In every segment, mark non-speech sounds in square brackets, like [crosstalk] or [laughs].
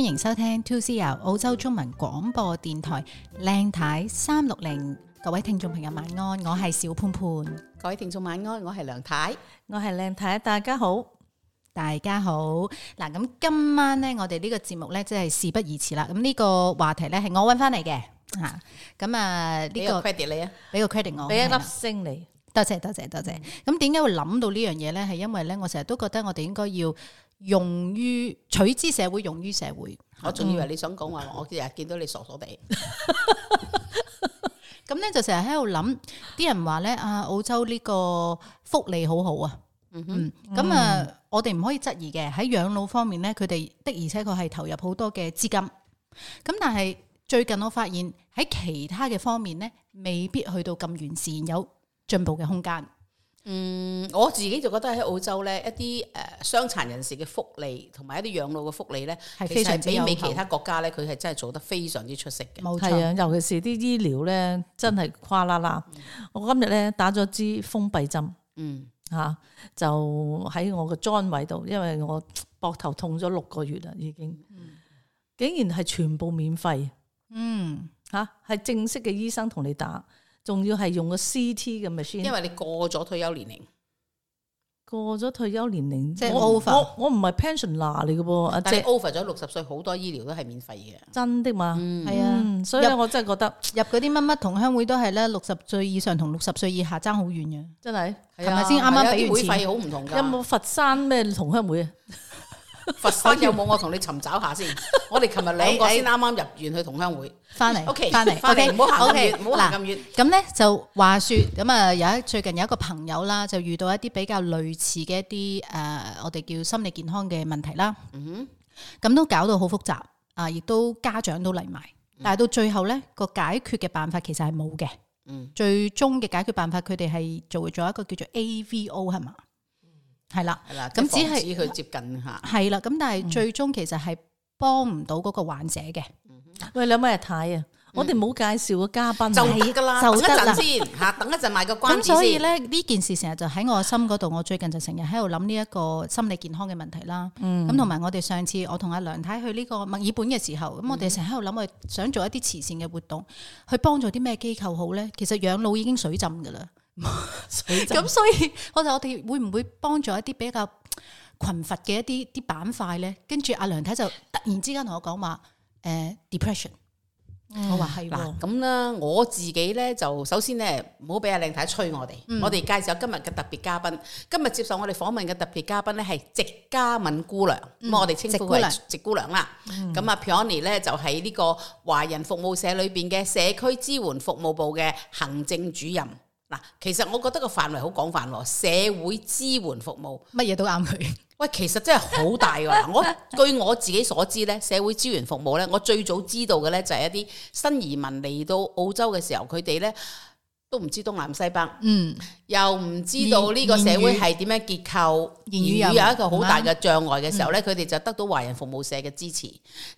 歡迎收聽 2CR 澳洲中文廣播電台靚太三六零，各位聽眾朋友晚安，我係小潘潘。各位聽眾晚安，我係梁太，我係靚太，大家好，大家好。嗱，咁今晚咧，我哋呢個節目咧，即係事不宜遲啦。咁呢個話題咧，係我搵翻嚟嘅。吓，咁啊，呢個 credit 你啊，俾個 credit 我，俾一粒星你。多謝多謝多謝。咁點解會諗到呢樣嘢咧？係因為咧，我成日都覺得我哋應該要。用於取之社會，用於社會。我仲以為你想講話，嗯、我成日見到你傻傻地。咁咧 [laughs] [laughs] 就成日喺度諗，啲人話咧啊，澳洲呢個福利好好啊。嗯，哼嗯，咁啊，我哋唔可以質疑嘅喺養老方面咧，佢哋的而且確係投入好多嘅資金。咁但係最近我發現喺其他嘅方面咧，未必去到咁完善，有進步嘅空間。嗯，我自己就覺得喺澳洲咧，一啲誒傷殘人士嘅福利同埋一啲養老嘅福利咧，係非常之優秀。比美其他國家咧，佢係真係做得非常之出色嘅。冇錯、啊，尤其是啲醫療咧，真係誇啦啦。嗯、我今日咧打咗支封閉針，嗯嚇、啊，就喺我嘅崗位度，因為我膊頭痛咗六個月啦，已經，嗯、竟然係全部免費。嗯嚇，係、啊、正式嘅醫生同你打。仲要係用個 CT 嘅 machine，因為你過咗退休年齡，過咗退休年齡，即係是我我唔係 pension 拿嚟嘅噃，即係 offer 咗六十歲好多醫療都係免費嘅，真的嘛？係、嗯、啊，所以我真係覺得入嗰啲乜乜同鄉會都係咧，六十歲以上同六十歲以下爭好遠嘅，真係係咪先啱啱俾完會費好唔同噶？有冇佛山咩同鄉會啊？ [laughs] 佛山有冇我同你尋找下先？我哋琴日兩個 [laughs] 我先啱啱入完去同鄉會翻嚟，OK 翻嚟，OK 唔好行咁遠，唔好行咁遠。咁咧就話說咁啊，有一最近有一個朋友啦，就遇到一啲比較類似嘅一啲誒、呃，我哋叫心理健康嘅問題啦。嗯哼，咁都搞到好複雜啊，亦都家長都嚟埋，嗯、但係到最後咧個解決嘅辦法其實係冇嘅。嗯，最終嘅解決辦法，佢哋係做咗一個叫做 AVO 係嘛？係啦，咁只係去接近下，係啦，咁但係最終其實係幫唔到嗰個患者嘅。嗯、哼喂，兩位阿太啊，嗯、我哋冇介紹個嘉賓，就係噶啦，是就等一陣先吓， [laughs] 等一陣賣個關子。咁所以咧呢件事成日就喺我心嗰度，我最近就成日喺度諗呢一個心理健康嘅問題啦。咁同埋我哋上次我同阿梁太去呢個墨爾本嘅時候，咁、嗯、我哋成日喺度諗啊，想做一啲慈善嘅活動，去幫助啲咩機構好咧？其實養老已經水浸噶啦。咁 [laughs] 浸 [laughs] 所以我就我哋會唔會幫助一啲比較群乏嘅一啲啲板塊咧？跟住阿梁太，太就突然之間同我講話，誒、呃、，depression，、嗯、我話係嗱咁啦，嗯、我自己呢，就首先呢，唔好俾阿靚太，太催我哋，嗯、我哋介紹今日嘅特別嘉賓，今日接受我哋訪問嘅特別嘉賓呢，係植嘉敏姑娘，咁、嗯、我哋稱呼佢植姑娘啦。咁阿 Peony 呢，就喺、是、呢個華人服務裡面社裡邊嘅社區支援服務部嘅行政主任。嗱，其實我覺得個範圍好廣泛，社會支援服務乜嘢都啱佢。喂，其實真係好大噶。 [laughs] 我據我自己所知咧，社會支援服務呢，我最早知道嘅呢，就係一啲新移民嚟到澳洲嘅時候，佢哋呢都唔知東南西北，嗯，又唔知道呢個社會係點樣結構，嗯、言語言有一個好大嘅障礙嘅時候呢，佢哋就得到華人服務社嘅支持，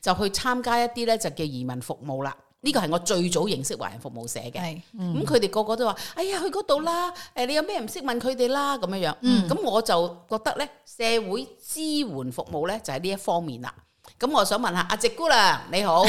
就去參加一啲呢就叫移民服務啦。呢個係我最早認識華人服務社嘅，咁佢哋個個都話，哎呀，去嗰度啦，誒，你有咩唔識問佢哋啦，咁樣樣。咁、嗯、我就覺得呢社會支援服務呢，就喺呢一方面啦。咁我想問下阿戚姑娘，你好，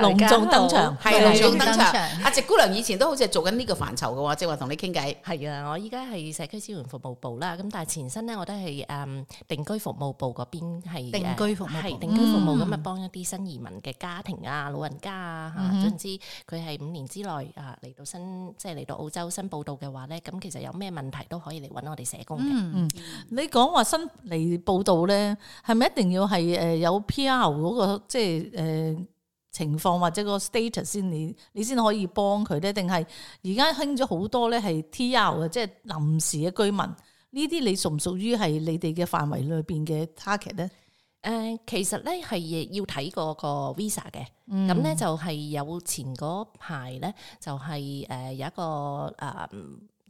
隆重登場，係隆重登場。阿戚姑娘以前都好似係做緊呢個範疇嘅喎，即係話同你傾偈。係啊，我依家係社區支援服務部啦，咁但係前身咧，我都係誒定居服務部嗰邊係定居服務，係定居服務咁啊，幫一啲新移民嘅家庭啊、老人家啊嚇，總之佢係五年之內啊嚟到新，即係嚟到澳洲新報到嘅話咧，咁其實有咩問題都可以嚟揾我哋社工嘅。嗯嗯，你講話新嚟報到咧，係咪一定要係？誒，有 P.R. 嗰個即係誒、呃、情況或者個 status 先，你你先可以幫佢咧？定係而家興咗好多咧，係 T.R. 即係臨時嘅居民。屬屬呢啲你屬唔屬於係你哋嘅範圍裏邊嘅 target 咧？誒、呃，其實咧係要睇嗰個 visa 嘅，咁咧、嗯、就係有前嗰排咧，就係誒有一個誒。呃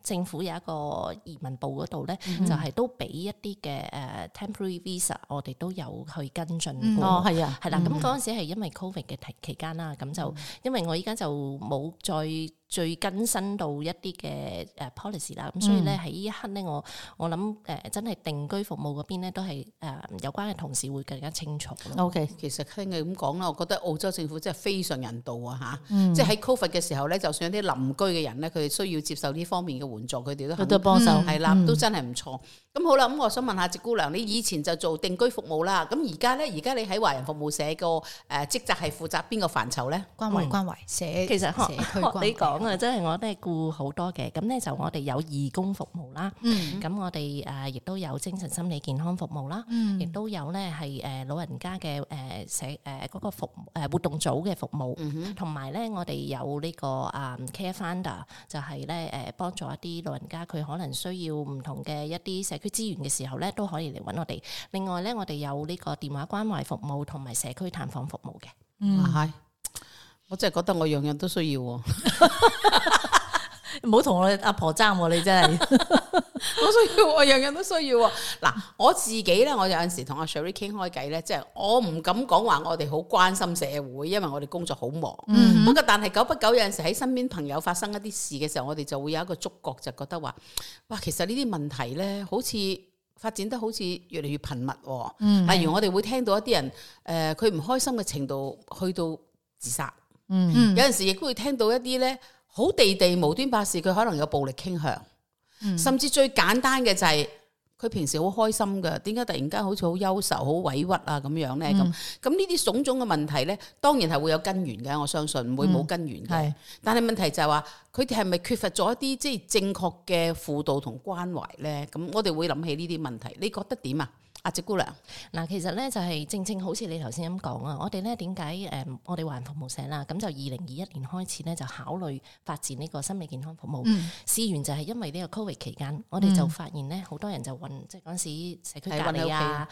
政府有一個移民部嗰度咧，嗯、就係都俾一啲嘅誒 temporary visa，我哋都有去跟進過、嗯。哦，係啊，係啦的，咁嗰陣時係因為 covid 嘅期間啦，咁就、嗯、因為我依家就冇再。最更新到一啲嘅誒 policy 啦，咁、嗯、所以咧喺依一刻咧，我我諗誒真係定居服務嗰邊咧都係誒有關嘅同事會更加清楚。OK，其實聽你咁講啦，我覺得澳洲政府真係非常人道啊吓，嗯、即係喺 Covid 嘅時候咧，就算啲鄰居嘅人咧，佢哋需要接受呢方面嘅援助，佢哋都好多幫手係啦，都真係唔錯。咁、嗯、好啦，咁、嗯、我想問，問下戚姑娘，你以前就做定居服務啦，咁而家咧，而家你喺華人服務社個誒職責係負責邊個範疇咧？關懷關懷社其實社區呢？我真係我都係顧好多嘅，咁咧就我哋有義工服務啦，咁、mm hmm. 我哋誒亦都有精神心理健康服務啦，亦都、mm hmm. 有咧係誒老人家嘅誒社誒嗰、那個服誒活動組嘅服務，同埋咧我哋有呢個啊 Care Finder 就係咧誒幫助一啲老人家佢可能需要唔同嘅一啲社區資源嘅時候咧都可以嚟搵我哋。另外咧我哋有呢個電話關懷服務同埋社區探訪服務嘅，嗯係、mm。Hmm. Mm hmm. 我真係覺得我樣樣都需要，唔好同我阿婆爭，你真係好需要，我樣樣都需要。嗱，我自己咧，我有陣時同阿 Sherry 傾開偈咧，即係我唔敢講話，我哋好關心社會，因為我哋工作好忙。不過、嗯、哼但係久不久有陣時喺身邊朋友發生一啲事嘅時候，我哋就會有一個觸覺，就覺得話，哇，其實呢啲問題咧，好似發展得好似越嚟越頻密、哦。嗯哼，例如我哋會聽到一啲人，誒、呃，佢唔開心嘅程度去到自殺。嗯，有陣時亦都會聽到一啲咧，好地地無端白事，佢可能有暴力傾向，嗯、甚至最簡單嘅就係、是、佢平時好開心噶，點解突然間好似好憂愁、好委屈啊咁樣咧？咁咁呢啲種種嘅問題咧，當然係會有根源嘅。我相信唔會冇根源係，嗯、但係問題就係話佢哋係咪缺乏咗一啲即係正確嘅輔導同關懷咧？咁我哋會諗起呢啲問題，你覺得點啊？阿姐姑娘，嗱，其實咧就係正正好似你頭先咁講啊，我哋咧點解誒，我哋環球服務社啦，咁就二零二一年開始咧就考慮發展呢個心理健康服務。事、嗯、源就係因為呢個 COVID 期間，我哋就發現咧好多人就運，即係嗰陣時社區隔離、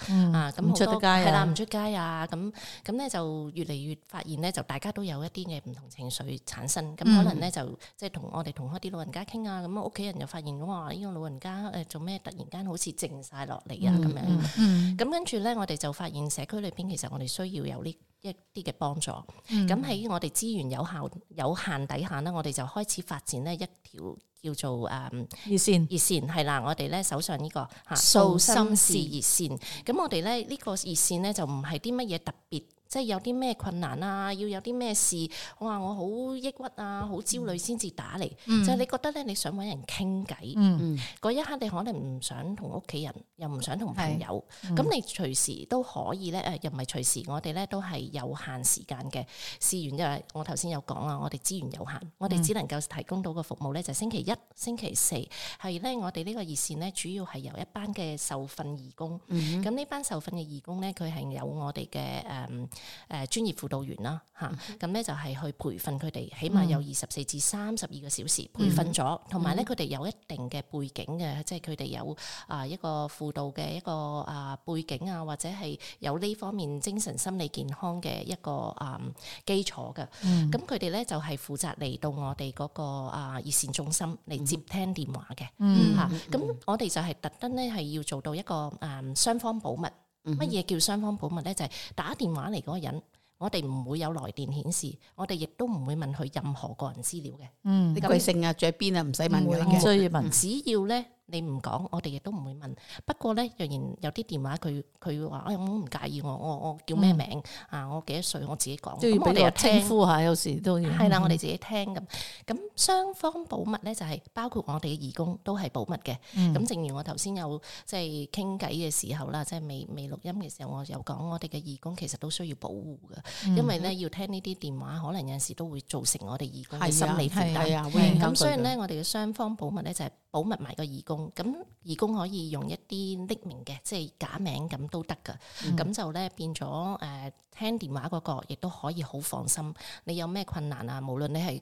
嗯、啊，啊，咁出得街係啦，唔出街啊，咁咁咧就越嚟越發現咧，就大家都有一啲嘅唔同情緒產生，咁、嗯、可能咧就即係同我哋同一啲老人家傾啊，咁屋企人就發現哇，呢、這個老人家誒、啊、做咩突然間好似靜晒落嚟啊咁樣。嗯嗯嗯，咁跟住咧，我哋就發現社區裏邊其實我哋需要有呢一啲嘅幫助。咁喺、嗯、我哋資源有效有限底下咧，我哋就開始發展咧一條叫做誒、嗯、熱線熱線係啦，我哋咧手上呢、呢個哈訴心事熱線。咁我哋咧呢、呢個熱線咧就唔係啲乜嘢特別。即係有啲咩困難啊，要有啲咩事，我話我好抑鬱啊，好焦慮先至打嚟。嗯、就係你覺得咧，你想揾人傾偈，嗰、嗯、一刻你可能唔想同屋企人，又唔想同朋友。咁、嗯、你隨時都可以咧，誒又唔係隨時。我哋咧都係有限時間嘅。事緣因為我頭先有講啦，我哋資源有限，嗯、我哋只能夠提供到嘅服務咧就係星期一、星期四係咧。我哋呢個熱線咧主要係由一班嘅受訓義工。咁呢、嗯、班受訓嘅義工咧，佢係有我哋嘅誒。嗯誒，專業輔導員啦，吓，咁咧就係去培訓佢哋，起碼有二十四至三十二個小時培訓咗，同埋咧佢哋有一定嘅背景嘅，即係佢哋有啊一個輔導嘅一個啊背景啊，或者係有呢方面精神心理健康嘅一個啊基礎㗎，咁佢哋咧就係負責嚟到我哋嗰個啊熱線中心嚟接聽電話嘅，吓，咁我哋就係特登咧係要做到一個誒雙方保密。乜嘢叫雙方保密呢？就係、是、打電話嚟嗰個人，我哋唔會有來電顯示，我哋亦都唔會問佢任何個人資料嘅。嗯，你貴姓啊？住喺邊啊？唔使問嘅。唔需要問，只要呢。你唔講，我哋亦都唔會問。不過咧，若然有啲電話佢佢話，哎，我唔介意我，我我我叫咩名、嗯、啊？我幾多歲？我自己講，咁我哋又稱呼下，有時都要。係啦，我哋自己聽咁。咁、嗯、雙方保密咧，就係包括我哋嘅義工都係保密嘅。咁、嗯、正如我頭先有即係傾偈嘅時候啦，即係未未錄音嘅時候，我有講我哋嘅義工其實都需要保護嘅，嗯、因為咧要聽呢啲電話，可能有時都會造成我哋義工嘅心理負擔。咁雖然咧，我哋嘅雙方保密咧，就係保密埋個義工。咁義工可以用一啲匿名嘅，即係假名咁都得噶。咁就咧變咗誒，聽電話嗰個亦都可以好放心。你有咩困難啊？無論你係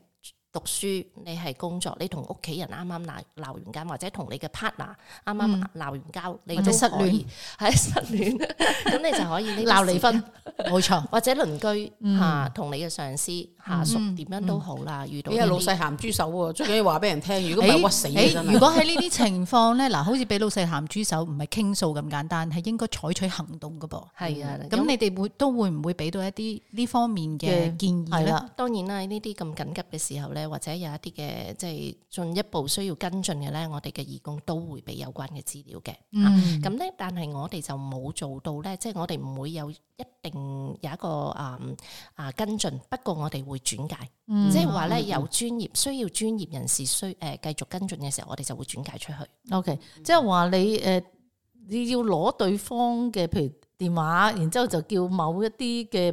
讀書，你係工作，你同屋企人啱啱鬧鬧完交，或者同你嘅 partner 啱啱鬧完交，你都失戀，係失戀。咁你就可以鬧離婚，冇錯。或者鄰居吓，同你嘅上司。下屬點樣都好啦，嗯嗯、遇到啲老細鹹豬手，最緊要話俾人聽。 [laughs] 如果唔係屈死。如果喺呢啲情況咧，嗱， [laughs] 好似俾老細鹹豬手，唔係傾訴咁簡單，係應該採取行動噶噃。係、嗯、啊，咁的、嗯、你哋會為都會唔會俾到一啲呢方面嘅建議咧？當然啦，呢啲咁緊急嘅時候咧，或者有一啲嘅即係進一步需要跟進嘅咧，我哋嘅義工都會俾有關嘅資料嘅。咁咧、嗯，嗯、但係我哋就冇做到咧，即、就、係、是、我哋唔會有一。定有一個誒誒、嗯啊、跟進，不過我哋會轉介，即係話咧有專業、嗯、需要專業人士需誒、呃、繼續跟進嘅時候，我哋就會轉介出去。OK，即係話你誒、呃、你要攞對方嘅譬如電話，然之後就叫某一啲嘅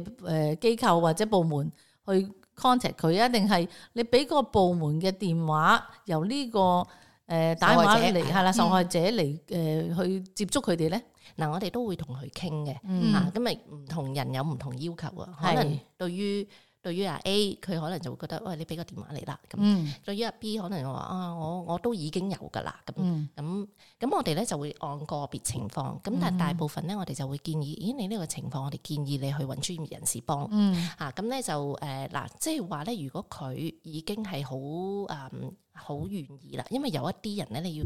誒機構或者部門去 contact 佢啊，定係你俾個部門嘅電話由呢、這個誒、呃、打電話者嚟係啦，受害者嚟誒、呃嗯、去接觸佢哋咧？嗱，我哋都會同佢傾嘅，嚇、嗯，咁咪唔同人有唔同要求啊。可能對於對於啊 A，佢可能就會覺得，喂，你俾個電話嚟啦。咁、嗯、對於阿 B，可能話啊，我我都已經有㗎啦。咁咁咁，嗯嗯、我哋咧就會按個別情況。咁但係大部分咧，我哋就會建議，咦，你呢個情況，我哋建議你去揾專業人士幫。嚇、嗯，咁咧、啊嗯、就誒，嗱、呃，即係話咧，如果佢已經係好啊。嗯好願意啦，因為有一啲人咧，你要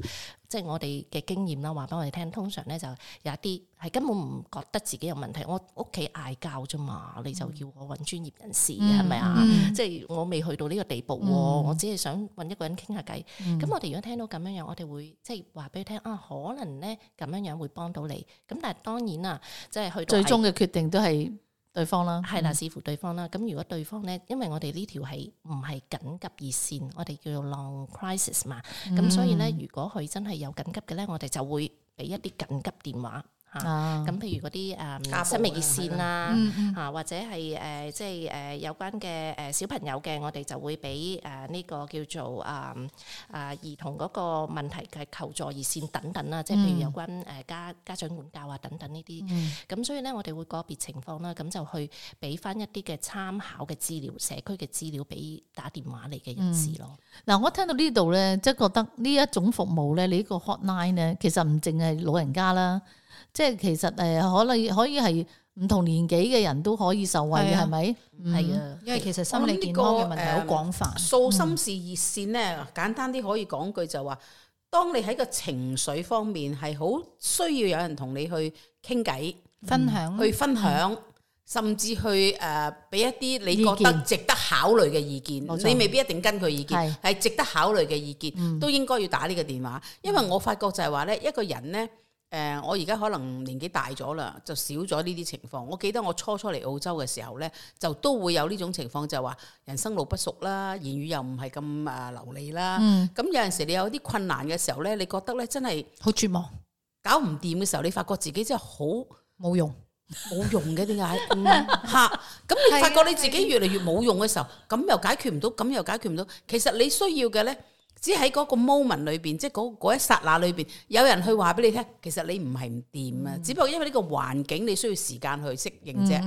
即係、就是、我哋嘅經驗啦，話俾我哋聽，通常咧就有一啲係根本唔覺得自己有問題，我屋企嗌交啫嘛，你就要我揾專業人士係咪啊？即係、嗯嗯、我未去到呢個地步，嗯、我只係想揾一個人傾下偈。咁、嗯、我哋如果聽到咁樣樣，我哋會即係話俾佢聽啊，可能咧咁樣樣會幫到你。咁但係當然啦，即、就、係、是、去到最終嘅決定都係。對方啦，係啦，視乎對方啦。咁、嗯、如果對方咧，因為我哋呢條係唔係緊急熱線，我哋叫做 long crisis 嘛。咁、嗯、所以咧，如果佢真係有緊急嘅咧，我哋就會俾一啲緊急電話。咁譬、啊、如嗰啲誒生命熱線啦、啊，啊、嗯嗯、或者係誒即係誒有關嘅誒小朋友嘅，我哋就會俾誒呢個叫做誒誒、呃、兒童嗰個問題嘅求助熱線等等啦。即係譬如有關誒家、嗯、家長管教啊等等呢啲。咁、嗯、所以咧，我哋會個別情況啦，咁就去俾翻一啲嘅參考嘅資料、社區嘅資料俾打電話嚟嘅人士咯。嗱、嗯，我聽到呢度咧，即、就、係、是、覺得呢一種服務咧，你、這、呢個 hotline 咧，其實唔淨係老人家啦。即係其實誒，可能可以係唔同年紀嘅人都可以受惠嘅，係咪？係啊，因為其實心理健康嘅問題好廣泛。訴心事熱線咧，簡單啲可以講句就話，當你喺個情緒方面係好需要有人同你去傾偈、分享、去分享，甚至去誒俾一啲你覺得值得考慮嘅意見。你未必一定跟佢意見，係值得考慮嘅意見都應該要打呢個電話，因為我發覺就係話咧，一個人咧。誒，我而家可能年紀大咗啦，就少咗呢啲情況。我記得我初初嚟澳洲嘅時候咧，就都會有呢種情況，就話、是、人生路不熟啦，言語又唔係咁啊流利啦。咁、嗯、有陣時你有啲困難嘅時候咧，你覺得咧真係好絕望，搞唔掂嘅時候，你發覺自己真係好冇用，冇用嘅點解？吓，咁 [laughs] [laughs] 你發覺你自己越嚟越冇用嘅時候，咁又解決唔到，咁又解決唔到。其實你需要嘅咧。只喺嗰個 moment 裏邊，即係嗰嗰一剎那裏邊，有人去話俾你聽，其實你唔係唔掂啊！只不過因為呢個環境，你需要時間去適應啫。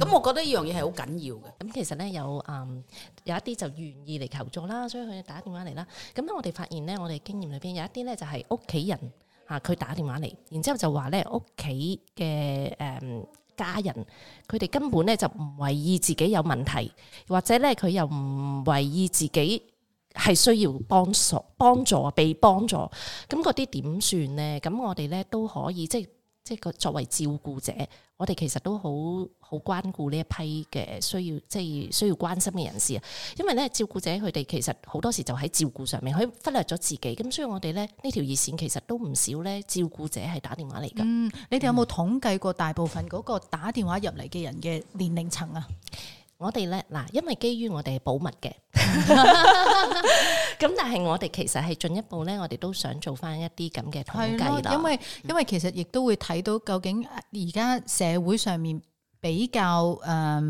咁我覺得呢樣嘢係好緊要嘅。咁其實咧有誒有一啲就願意嚟求助啦，所以佢打電話嚟啦。咁咧我哋發現咧，我哋經驗裏邊有一啲咧就係屋企人啊佢打電話嚟，然之後就話咧屋企嘅誒家人，佢哋根本咧就唔為意自己有問題，或者咧佢又唔為意自己。係需要幫助、幫助、被幫助，咁嗰啲點算呢？咁我哋咧都可以，即係即係個作為照顧者，我哋其實都好好關顧呢一批嘅需要，即係需要關心嘅人士啊。因為咧，照顧者佢哋其實好多時就喺照顧上面，佢忽略咗自己。咁所以我哋咧呢條熱線其實都唔少咧照顧者係打電話嚟噶。嗯，你哋有冇統計過大部分嗰個打電話入嚟嘅人嘅年齡層啊？嗯我哋咧嗱，因為基於我哋係保密嘅，咁 [laughs] [laughs] 但係我哋其實係進一步咧，我哋都想做翻一啲咁嘅統計啦。因為因為其實亦都會睇到，究竟而家社會上面比較誒、呃、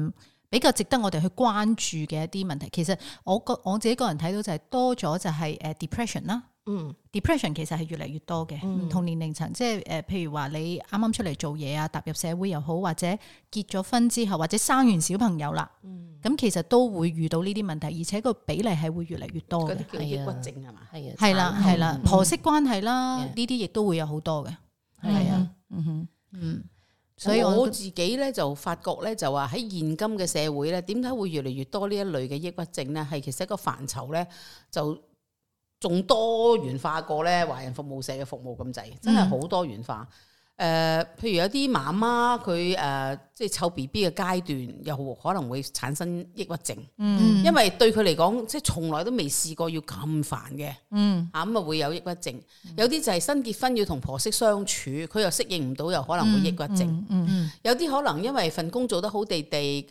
比較值得我哋去關注嘅一啲問題，其實我個我自己個人睇到就係多咗就係誒 depression 啦。嗯，Depression 其實係越嚟越多嘅，嗯、同年齡層，即係誒、呃，譬如話你啱啱出嚟做嘢啊，踏入社會又好，或者結咗婚之後，或者生完小朋友啦，咁、嗯嗯、其實都會遇到呢啲問題，而且個比例係會越嚟越多。嗰啲叫抑鬱症係嘛？係啊，係啦係啦，婆媳關係啦，呢啲亦都會有好多嘅，係啊，嗯哼痛，啊啊、嗯，啊、嗯，所以我自己咧就發覺咧就話喺現今嘅社會咧，點解會越嚟越多呢一類嘅抑鬱症咧？係其實一個範疇咧就。仲多元化過咧，華人服務社嘅服務咁滯，真係好多元化。誒、嗯呃，譬如有啲媽媽佢誒，即係湊 B B 嘅階段，又可能會產生抑鬱症。嗯、因為對佢嚟講，即係從來都未試過要咁煩嘅。嗯，嚇咁啊會有抑鬱症。嗯、有啲就係新結婚要同婆媳相處，佢又適應唔到，又可能會抑鬱症。嗯嗯嗯、有啲可能因為份工做得好地地，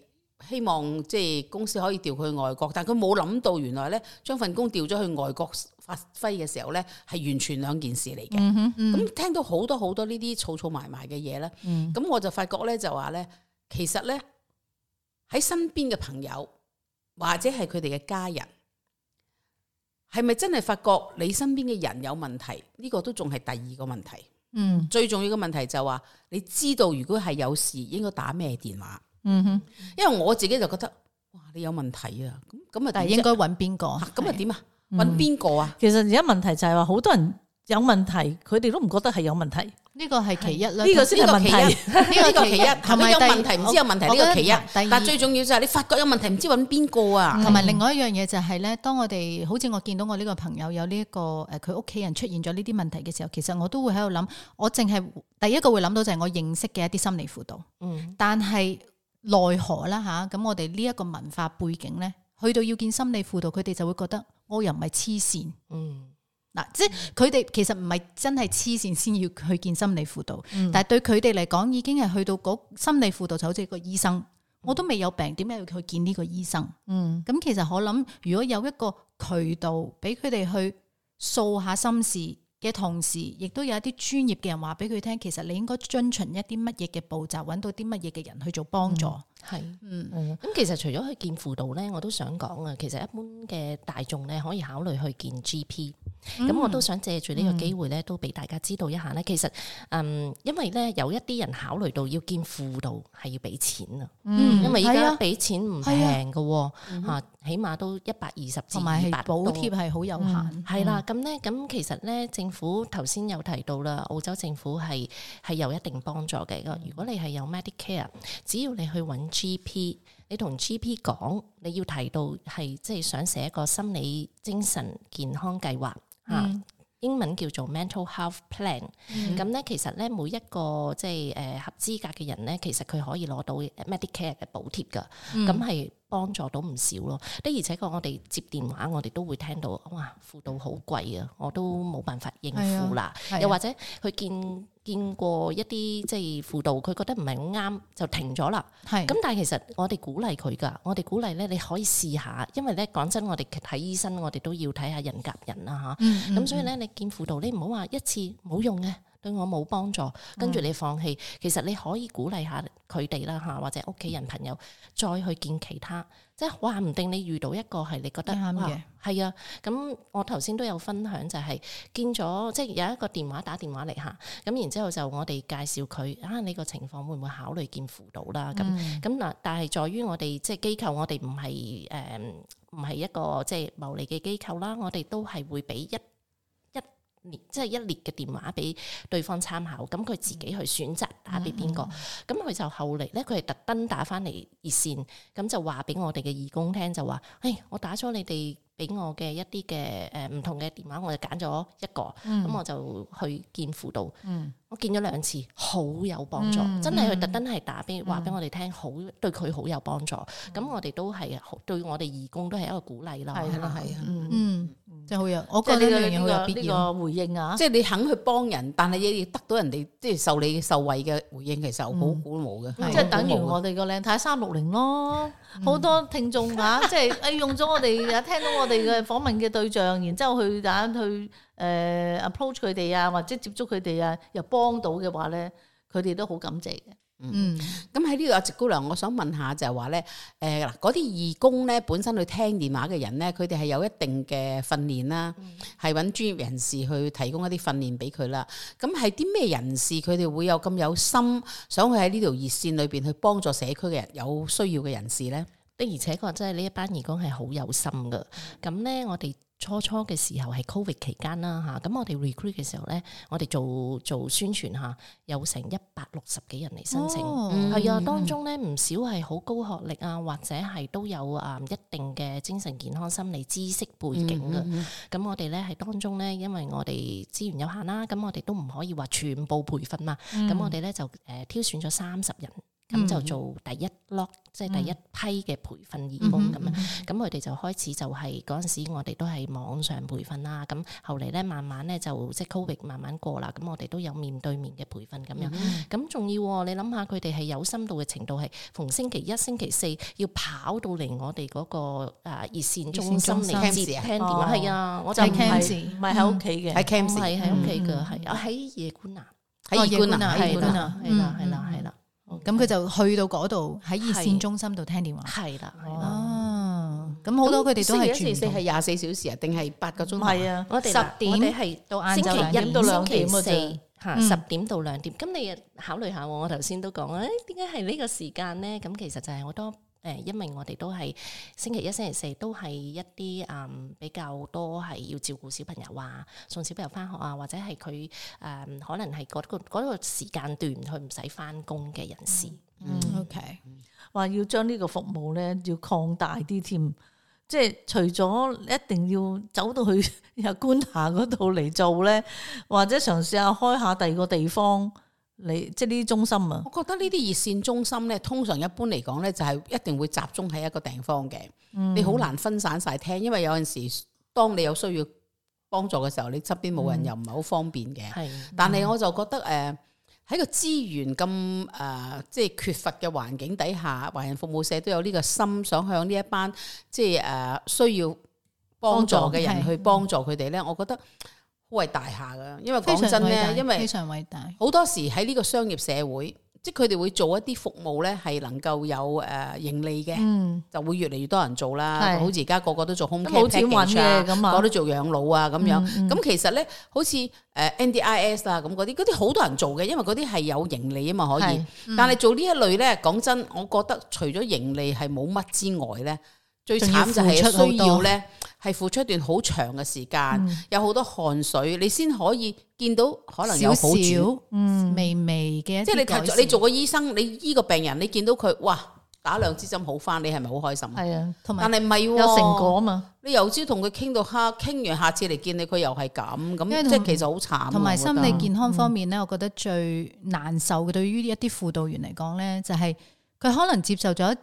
希望即係公司可以調去外國，但佢冇諗到原來，原來呢將份工調咗去外國。發揮嘅時候咧，係完全兩件事嚟嘅。咁聽到好多好多呢啲嘈嘈埋埋嘅嘢咧，咁我就發覺咧就話咧，其實咧喺身邊嘅朋友或者係佢哋嘅家人，係咪真係發覺你身邊嘅人有問題？呢個都仲係第二個問題。嗯，最重要嘅問題就話，你知道如果係有事應該打咩電話？嗯哼，因為我自己就覺得，哇，你有問題啊，咁咁啊，但係應該搵邊個？咁啊，點啊？揾邊個啊、嗯？其實而家問題就係話，好多人有問題，佢哋都唔覺得係有問題。呢個係其一啦，呢是是個先係問題。呢個係其一，唔係問題，唔知有問題。呢個其一，但最重要就係你發覺有問題，唔知揾邊個啊？同埋、嗯、是另外一樣嘢就係、是、咧，當我哋好似我見到我呢個朋友有呢、這、一個誒，佢屋企人出現咗呢啲問題嘅時候，其實我都會喺度諗，我淨係第一個會諗到就係我認識嘅一啲心理輔導。嗯、但係奈何啦吓？咁我哋呢一個文化背景咧，去到要見心理輔導，佢哋就會覺得。我又唔係黐線，嗱、嗯，即係佢哋其實唔係真係黐線先要去見心理輔導，嗯、但係對佢哋嚟講，已經係去到嗰心理輔導就好似個醫生，我都未有病，點解要去見呢個醫生？咁、嗯、其實我諗，如果有一個渠道俾佢哋去掃下心事。嘅同時，亦都有一啲專業嘅人話俾佢聽，其實你應該遵循一啲乜嘢嘅步驟，揾到啲乜嘢嘅人去做幫助。係，嗯，嗯。咁，嗯，其實除咗去見輔導咧，我都想講啊，嗯，其實一般嘅大眾咧，可以考慮去見 GP。咁、嗯、我都想借住呢個機會咧，都俾大家知道一下咧。其實，嗯，因為咧有一啲人考慮到要見輔導係要俾錢啊，嗯，因為而家俾錢唔平嘅喎，吓、嗯、起碼都一百二十至二百，補貼係好有限。係、嗯、啦，咁咧，咁其實咧，政府頭先有提到啦，澳洲政府係係有一定幫助嘅。如果你係有 Medicare，只要你去揾 GP。你同 G.P. 講，你要提到係即係想寫一個心理精神健康計劃，吓、嗯，英文叫做 mental health plan、嗯。咁咧，其實咧每一個即係誒合資格嘅人咧，其實佢可以攞到 Medicare 嘅補貼噶，咁係、嗯。幫助到唔少咯，的而且確我哋接電話，我哋都會聽到哇，輔導好貴啊，我都冇辦法應付啦。啊啊、又或者佢見見過一啲即係輔導，佢覺得唔係咁啱，就停咗啦。係咁是，但係其實我哋鼓勵佢噶，我哋鼓勵咧，你可以試下，因為咧講真，我哋睇醫生，我哋都要睇下人夾人啦嚇。咁、嗯嗯嗯、所以咧，你見輔導，你唔好話一次冇用嘅。對我冇幫助，跟住你放棄，嗯、其實你可以鼓勵下佢哋啦嚇，或者屋企人朋友再去見其他，即係話唔定你遇到一個係你覺得啱嘅，係、嗯、啊。咁我頭先都有分享就係、係、見咗，即係有一個電話打電話嚟嚇，咁然之後就我哋介紹佢啊，你、呢個情況會唔會考慮見輔導啦？咁咁嗱，但係在於我哋即係機構我，我哋唔係誒唔係一個即係牟利嘅機構啦，我哋都係會俾一，即係一列嘅電話俾對方參考，咁佢自己去選擇打俾邊個，咁佢、嗯嗯、就後嚟咧，佢係特登打翻嚟熱線，咁就話俾我哋嘅義工聽就話：誒、哎，我打咗你哋俾我嘅一啲嘅誒唔同嘅電話，我就揀咗一個，咁、嗯、我就去見輔導。嗯我見咗兩次，好有幫助，真係佢特登係打俾話俾我哋聽，好對佢好有幫助。咁我哋都係好對我哋義工都係一個鼓勵啦。係啦，係啊，嗯，真係好有，我覺得呢樣有必要回應啊！即係你肯去幫人，但係亦要得到人哋即係受你受惠嘅回應，其實好鼓舞嘅。即係等於我哋個靚太三六零咯，好多聽眾啊，即係用咗我哋，聽到我哋嘅訪問嘅對象，然之後去去。誒 approach 佢哋啊，或者接觸佢哋啊，又幫到嘅話咧，佢哋都好感謝嘅。嗯，咁喺呢個阿植姑娘，我想問下就係話咧，誒嗱嗰啲義工咧，本身去聽電話嘅人咧，佢哋係有一定嘅訓練啦，係搵、嗯、專業人士去提供一啲訓練俾佢啦。咁係啲咩人士？佢哋會有咁有心，想去喺呢條熱線裏邊去幫助社區嘅人，有需要嘅人士咧。的而且確真係呢一班義工係好有心㗎。咁咧，我哋。初初嘅時候係 COVID 期間啦嚇，咁我哋 recruit 嘅時候咧，我哋做做宣傳嚇，有成一百六十幾人嚟申請，係啊、哦嗯，當中咧唔少係好高學歷啊，或者係都有啊一定嘅精神健康心理知識背景啊。咁、嗯嗯嗯、我哋咧喺當中咧，因為我哋資源有限啦，咁我哋都唔可以話全部培訓嘛，咁我哋咧就誒挑選咗三十人。咁就做第一 lock，即係第一批嘅培訓義工咁樣。咁佢哋就開始就係嗰陣時，我哋都係網上培訓啦。咁後嚟咧，慢慢咧就即係 COVID 慢慢過啦。咁我哋都有面對面嘅培訓咁樣。咁仲要，你諗下佢哋係有深度嘅程度，係逢星期一、星期四要跑到嚟我哋嗰個誒熱線中心嚟接聽電話。係啊，我就唔係唔係喺屋企嘅，唔係喺屋企嘅，係啊喺夜官啊，喺夜官啊，夜官啊，係啦，係啦，係啦。咁佢就去到嗰度喺熱線中心度聽電話。係啦，係啦。哦、啊，咁好、嗯、多佢哋都係轉。係廿四,四小時，小時啊，定係八個鐘頭？係啊，我哋十我哋到晏晝兩點到兩點啊，就十點到兩點。咁、嗯、你考慮下，我頭先都講，誒點解係呢個時間咧？咁其實就係我多。誒，因為我哋都係星期一、星期四都係一啲誒、嗯、比較多係要照顧小朋友啊，送小朋友翻學啊，或者係佢誒可能係嗰個嗰個時間段佢唔使翻工嘅人士。嗯、嗯，OK，話要將呢個服務咧要擴大啲添，即係除咗一定要走到去日觀下嗰度嚟做咧，或者嘗試下開下第二個地方。你即係呢啲中心啊？我覺得呢啲熱線中心咧，通常一般嚟講咧，就係一定會集中喺一個地方嘅。嗯、你好難分散晒聽，因為有陣時當你有需要幫助嘅時候，你側邊冇人又唔係好方便嘅。係、嗯，嗯、但係我就覺得誒，喺、呃、個資源咁誒，即、呃、係、就是、缺乏嘅環境底下，華人服務社都有呢個心，想向呢一班即係誒需要幫助嘅人去幫助佢哋咧。嗯嗯、我覺得。好偉大下噶，因為講真咧，因為非常偉大，好多時喺呢個商業社會，即係佢哋會做一啲服務咧，係能夠有誒盈利嘅，就會越嚟越多人做啦。好似而家個個都做空，冇錢咁，個個都做養老啊咁樣。咁其實咧，好似誒 NDIS 啊咁嗰啲，嗰啲好多人做嘅，因為嗰啲係有盈利啊嘛可以。但係做呢一類咧，講真，我覺得除咗盈利係冇乜之外咧，最慘就係需要咧。係付出一段好長嘅時間，嗯、有好多汗水，你先可以見到可能有好轉，少少嗯、微微嘅。即係你睇，你做個醫生，你依個病人，你見到佢，哇，打兩支針好翻，你係咪好開心？係啊，但係唔係有成果啊嘛？你由朝同佢傾到黑，傾完下次嚟見你，佢又係咁咁樣，即係其實好慘。同埋、啊、心理健康方面咧，嗯、我覺得最難受嘅，對於一啲輔導員嚟講咧，就係、是、佢可能接受咗一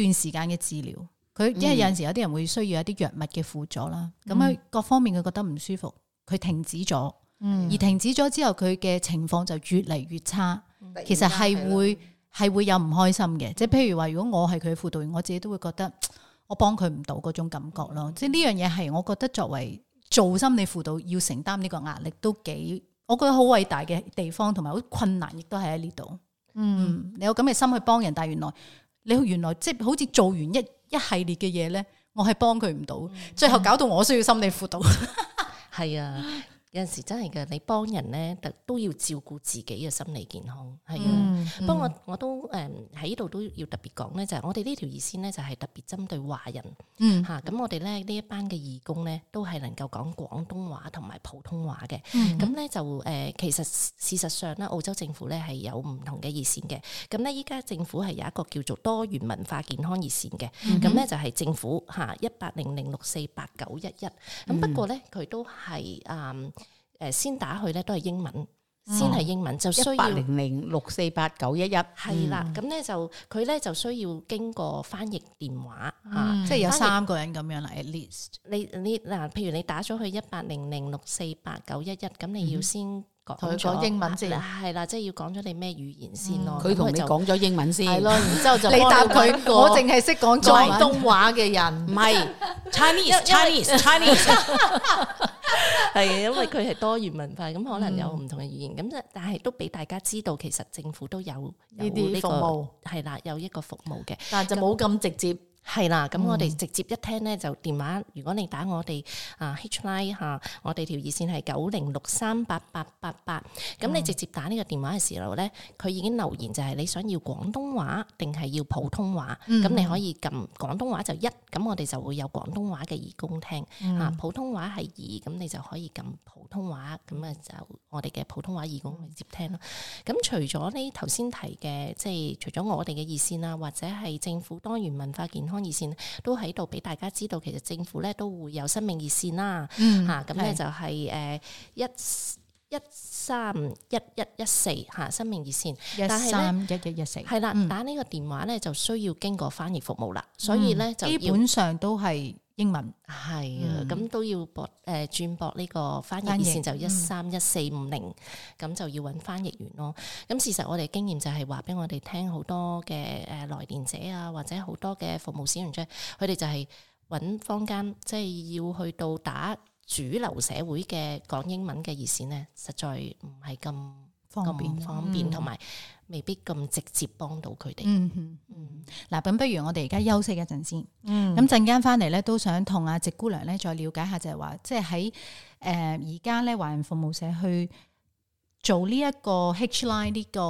段時間嘅治療。佢因為有陣時有啲人會需要一啲藥物嘅輔助啦，咁樣、嗯、各方面佢覺得唔舒服，佢停止咗，嗯、而停止咗之後佢嘅情況就越嚟越差，嗯、其實係會係、嗯、會有唔開心嘅，即係譬如話如果我係佢嘅輔導員，我自己都會覺得我幫佢唔到嗰種感覺咯，即係呢樣嘢係我覺得作為做心理輔導要承擔呢個壓力都幾，我覺得好偉大嘅地方，同埋好困難，亦都係喺呢度。嗯，你有咁嘅心去幫人，但係原來你原來即係好似做完一。一系列嘅嘢咧，我係幫佢唔到，嗯、最後搞到我需要心理輔導。係、嗯、 [laughs] 啊。有陣時真係嘅，你幫人咧，特都要照顧自己嘅心理健康，係啊。Mm hmm. 不過我，我都誒喺呢度都要特別講咧，就係、是、我哋呢條熱線咧，就係特別針對華人，嗯、mm，嚇、hmm. 咁、啊、我哋咧呢一班嘅義工咧都係能夠講廣東話同埋普通話嘅，咁咧、mm hmm. 就誒、呃、其實事實上咧，澳洲政府咧係有唔同嘅熱線嘅，咁咧依家政府係有一個叫做多元文化健康熱線嘅，咁咧、mm hmm. 就係政府嚇一八零零六四八九一一，咁、啊 mm hmm. 不過咧佢都係啊。嗯誒先打去咧都係英文，嗯、先係英文就需要一八零零六四八九一一，係啦的，咁咧、嗯、就佢咧就需要經過翻譯電話嚇，嗯啊、即係有三個人咁樣啦譯，at least。你你嗱，譬如你打咗去一八零零六四八九一一，咁你要先、嗯。同佢講英文先，係啦，即係要講咗你咩語言先咯。佢同你講咗英文先，係咯，然之後就你答佢，我淨係識講廣東話嘅人，唔係 Chinese，Chinese，Chinese，係因為佢係多元文化，咁可能有唔同嘅語言，咁但係都俾大家知道，其實政府都有呢啲服務，係啦，有一個服務嘅，但就冇咁直接。係啦，咁我哋直接一聽咧就電話。如果你打我哋、呃、啊 H Line 我哋條熱線係九零六三八八八八。咁你直接打呢個電話嘅時候咧，佢已經留言就係你想要廣東話定係要普通話。咁、嗯、你可以撳廣東話就一，咁我哋就會有廣東話嘅義工聽。嗯、啊，普通話係二，咁你就可以撳普通話，咁啊就我哋嘅普通話義工去接聽咯。咁除咗你頭先提嘅，即係除咗我哋嘅熱線啊，或者係政府多元文化健康，熱線都喺度俾大家知道，其實政府咧都會有生命熱線啦，吓，咁咧就係誒一一三一一一四吓，生命熱線，一三一一一四係啦，打呢個電話咧就需要經過翻譯服務啦，所以咧、嗯、就要 基本上都係。英文係啊，咁的、嗯、都要駁誒轉駁呢個翻譯熱線就一三一四五零，咁就要揾翻譯員咯。咁事實我哋經驗就係話俾我哋聽，好多嘅誒來電者啊，或者好多嘅服務使用者，佢哋就係揾坊間，即、就、係、是、要去到打主流社會嘅講英文嘅熱線呢，實在唔係咁方便，方便同埋。嗯未必咁直接幫到佢哋。嗯，嗱，咁不如我哋而家休息一陣先。嗯，咁陣間翻嚟,咧，都想同阿直姑娘咧再了解下就，就係話，即係喺誒而家咧，華人服務社去做呢一個 H Line 呢個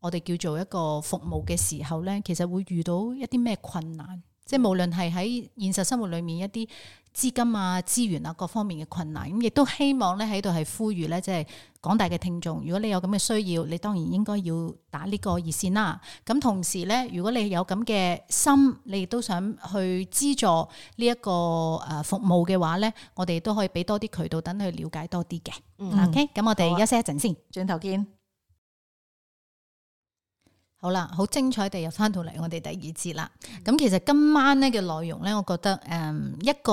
我哋叫做一個服務嘅時候咧，其實會遇到一啲咩困難？即係無論係喺現實生活裏面一啲。資金啊、資源啊，各方面嘅困難，咁亦都希望咧喺度係呼籲咧，即係廣大嘅聽眾，如果你有咁嘅需要，你當然應該要打呢個熱線啦。咁同時咧，如果你有咁嘅心，你亦都想去資助呢一個誒服務嘅話咧，我哋都可以俾多啲渠道等你去了解多啲嘅。OK，咁我哋休息一陣先，轉頭見。好啦，好精彩地又翻到嚟我哋第二節啦。咁、嗯、其實今晚呢嘅內容呢，我覺得誒、嗯、一個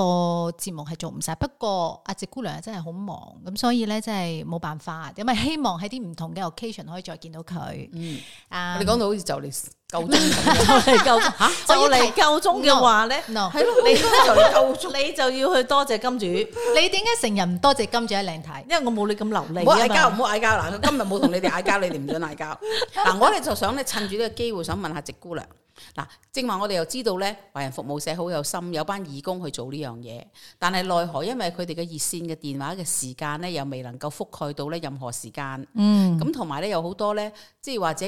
節目係做唔晒。不過阿戚姑娘真係好忙，咁、嗯、所以呢，真係冇辦法。咁咪希望喺啲唔同嘅 occasion 可以再見到佢。嗯，um, 我哋講到好似就嚟。夠鐘就嚟夠吓，就嚟夠鐘嘅話咧，係 [noise] [noise] 咯，你夠鐘，你就要去多謝金主。 [noise] 你點解成日唔多謝金主阿、啊、靚太、太？因為我冇你咁流利啊嘛。嗌交唔好嗌交嗱，今日冇同你哋嗌交，你哋唔准嗌交嗱。我哋就想咧，趁住呢個機會想問下戚姑娘嗱，正話我哋又知道咧，華人服務社好有心，有班義工去做呢樣嘢，但係奈何因為佢哋嘅熱線嘅電話嘅時間咧，又未能夠覆蓋到咧任何時間。嗯，咁同埋咧，有好多咧，即係或者。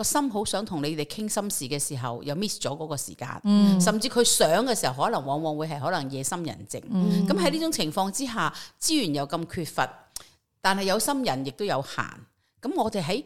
個心好想同你哋傾心事嘅時候，又 miss 咗嗰個時間，嗯、甚至佢想嘅時候，可能往往會係可能夜深人靜。咁喺呢種情況之下，資源又咁缺乏，但係有心人亦都有限。咁我哋喺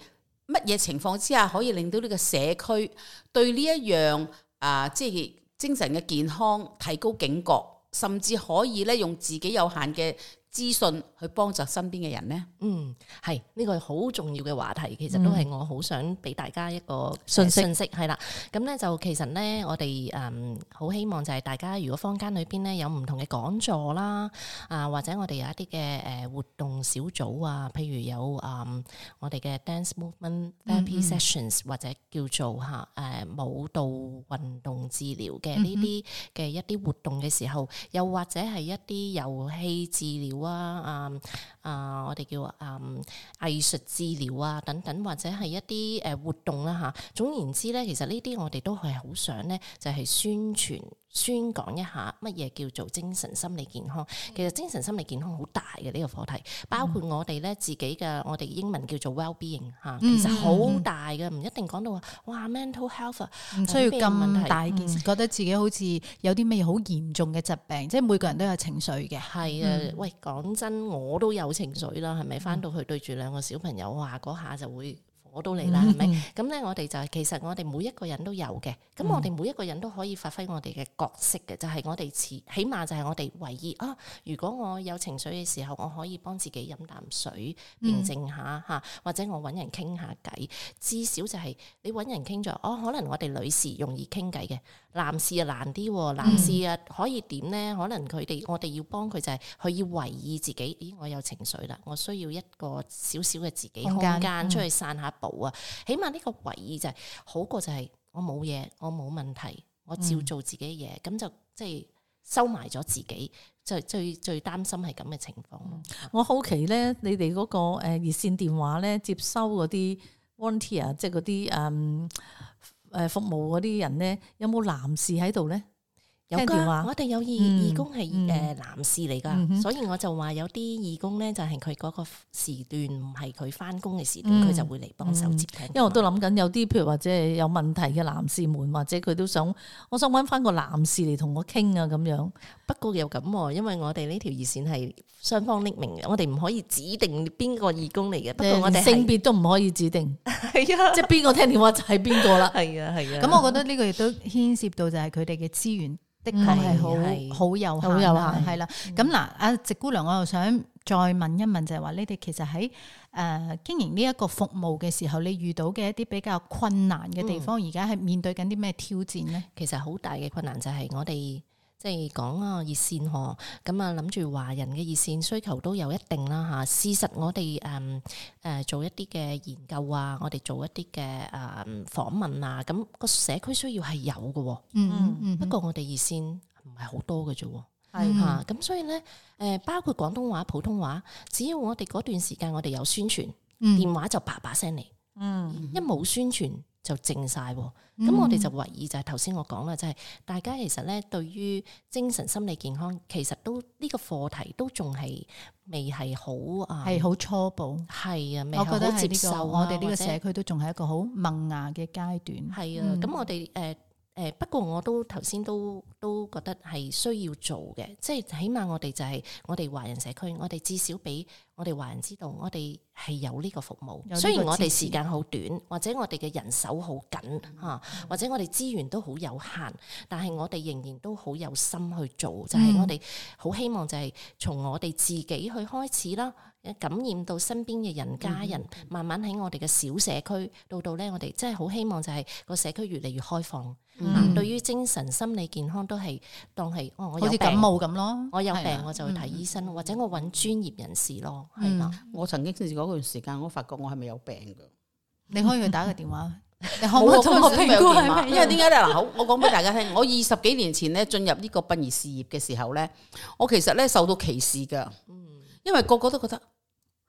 乜嘢情況之下，可以令到呢個社區對呢一樣啊、呃，即係精神嘅健康提高警覺，甚至可以咧用自己有限嘅。資訊去幫助身邊嘅人咧，嗯，係呢個係好重要嘅話題，其實都係我好想俾大家一個信息，信息係啦。咁咧就其實咧，我哋嗯好希望就係大家，如果坊間裏邊咧有唔同嘅講座啦，啊或者我哋有一啲嘅誒活動小組啊，譬如有嗯我哋嘅 dance movement therapy sessions 或者叫做嚇誒舞蹈運動治療嘅呢啲嘅一啲活動嘅時候，又或者係一啲遊戲治療。啊啊啊！我哋叫嗯藝術治療啊，等等或者係一啲誒、呃、活動啦、啊、吓。總言之咧，其實呢啲我哋都係好想咧，就係、是、宣傳。宣講一下乜嘢叫做精神心理健康？其實精神心理健康好大嘅呢、呢個課題，包括我哋咧自己嘅我哋英文叫做 wellbeing 嚇，其實好大嘅，唔、嗯、一定講到話哇 mental health 需、啊、要咁大件事、嗯，覺得自己好似有啲咩好嚴重嘅疾病，即係每個人都有情緒嘅。係啊、嗯，喂，講真，我都有情緒啦，係咪？翻到去對住兩個小朋友話嗰下就會。 我都嚟啦，係咪？咁咧，我哋就係其實我哋每一個人都有嘅，咁我哋每一個人都可以發揮我哋嘅角色嘅，就係、是、我哋起起碼就係我哋唯意啊。如果我有情緒嘅時候，我可以幫自己飲啖水平靜下吓、啊，或者我揾人傾下偈。至少就係你揾人傾咗，哦、啊，可能我哋女士容易傾偈嘅。男士又難啲喎，男士啊可以點咧？可能佢哋我哋要幫佢就係、是、佢要維護自己。咦，我有情緒啦，我需要一個少少嘅自己空間，空間出去散下步啊！嗯、起碼呢個維護就係、是、好過就係我冇嘢，我冇問題，我照做自己嘢，咁、嗯、就即係收埋咗自己，就最最最擔心係咁嘅情況。我好奇咧，你哋嗰個誒熱線電話咧接收嗰啲 volunteer，即係嗰啲誒。嗯誒服務嗰啲人咧，有冇男士喺度咧？有句話，我哋有義義工係誒男士嚟噶，所以我就話有啲義工咧，就係佢嗰個時段唔係佢翻工嘅時段，佢就會嚟幫手接聽。因為我都諗緊有啲譬如話即係有問題嘅男士們，或者佢都想，我想揾翻個男士嚟同我傾啊咁樣。不過又咁，因為我哋呢條熱綫係雙方匿名嘅，我哋唔可以指定邊個義工嚟嘅。不過我哋，性別都唔可以指定。係啊，即係邊個聽電話就係邊個啦。係啊，係啊。咁我覺得呢個亦都牽涉到就係佢哋嘅資源。的確係好好有限，係啦。咁嗱，阿直的、嗯啊、姑娘，我又想再問一問，就係、是、話你哋其實喺誒、呃、經營呢一個服務嘅時候，你遇到嘅一啲比較困難嘅地方，而家係面對緊啲咩挑戰呢？其實好大嘅困難就係我哋。即係講啊，熱線嗬，咁啊諗住華人嘅熱線需求都有一定啦吓。事實我哋誒誒做一啲嘅研究啊，我哋做一啲嘅誒訪問啊，咁個社區需要係有嘅。嗯、mm，hmm. 不過我哋熱線唔係好多嘅啫。係吓、mm，咁、hmm. 所以咧，誒包括廣東話、普通話，只要我哋嗰段時間我哋有宣傳，電話就叭叭聲嚟。嗯，mm hmm. 一冇宣傳就靜晒，咁我哋就懷疑就係頭先我講啦，就係大家其實咧對於精神心理健康，其實都呢、這個課題都仲係未係好啊，係、嗯、好初步，係啊，未我覺得接受、這個、者我哋呢個社區都仲係一個好萌芽嘅階段，係啊，咁、mm hmm. 我哋誒。呃誒、呃、不過我都頭先都都覺得係需要做嘅，即係起碼我哋就係我哋華人社區，我哋至少俾我哋華人知道，我哋係有呢個服務。雖然我哋時間好短，或者我哋嘅人手好緊嚇，或者我哋資源都好有限，但係我哋仍然都好有心去做，就係、是、我哋好希望就係從我哋自己去開始啦。感染到身邊嘅人，家人，慢慢喺我哋嘅小社區，到到咧，我哋真係好希望就係個社區越嚟越開放。嗯，對於精神心理健康都係當係哦，我有啲感冒咁咯，我有病我就去睇醫生，或者我揾專業人士咯，係嘛？我曾經嗰段時間，我發覺我係咪有病㗎？你可以去打個電話，你可唔可以同我拼個電話？因為點解咧？嗱，好，我講俾大家聽，我二十幾年前咧進入呢個殯儀事業嘅時候咧，我其實咧受到歧視㗎。嗯，因為個個都覺得。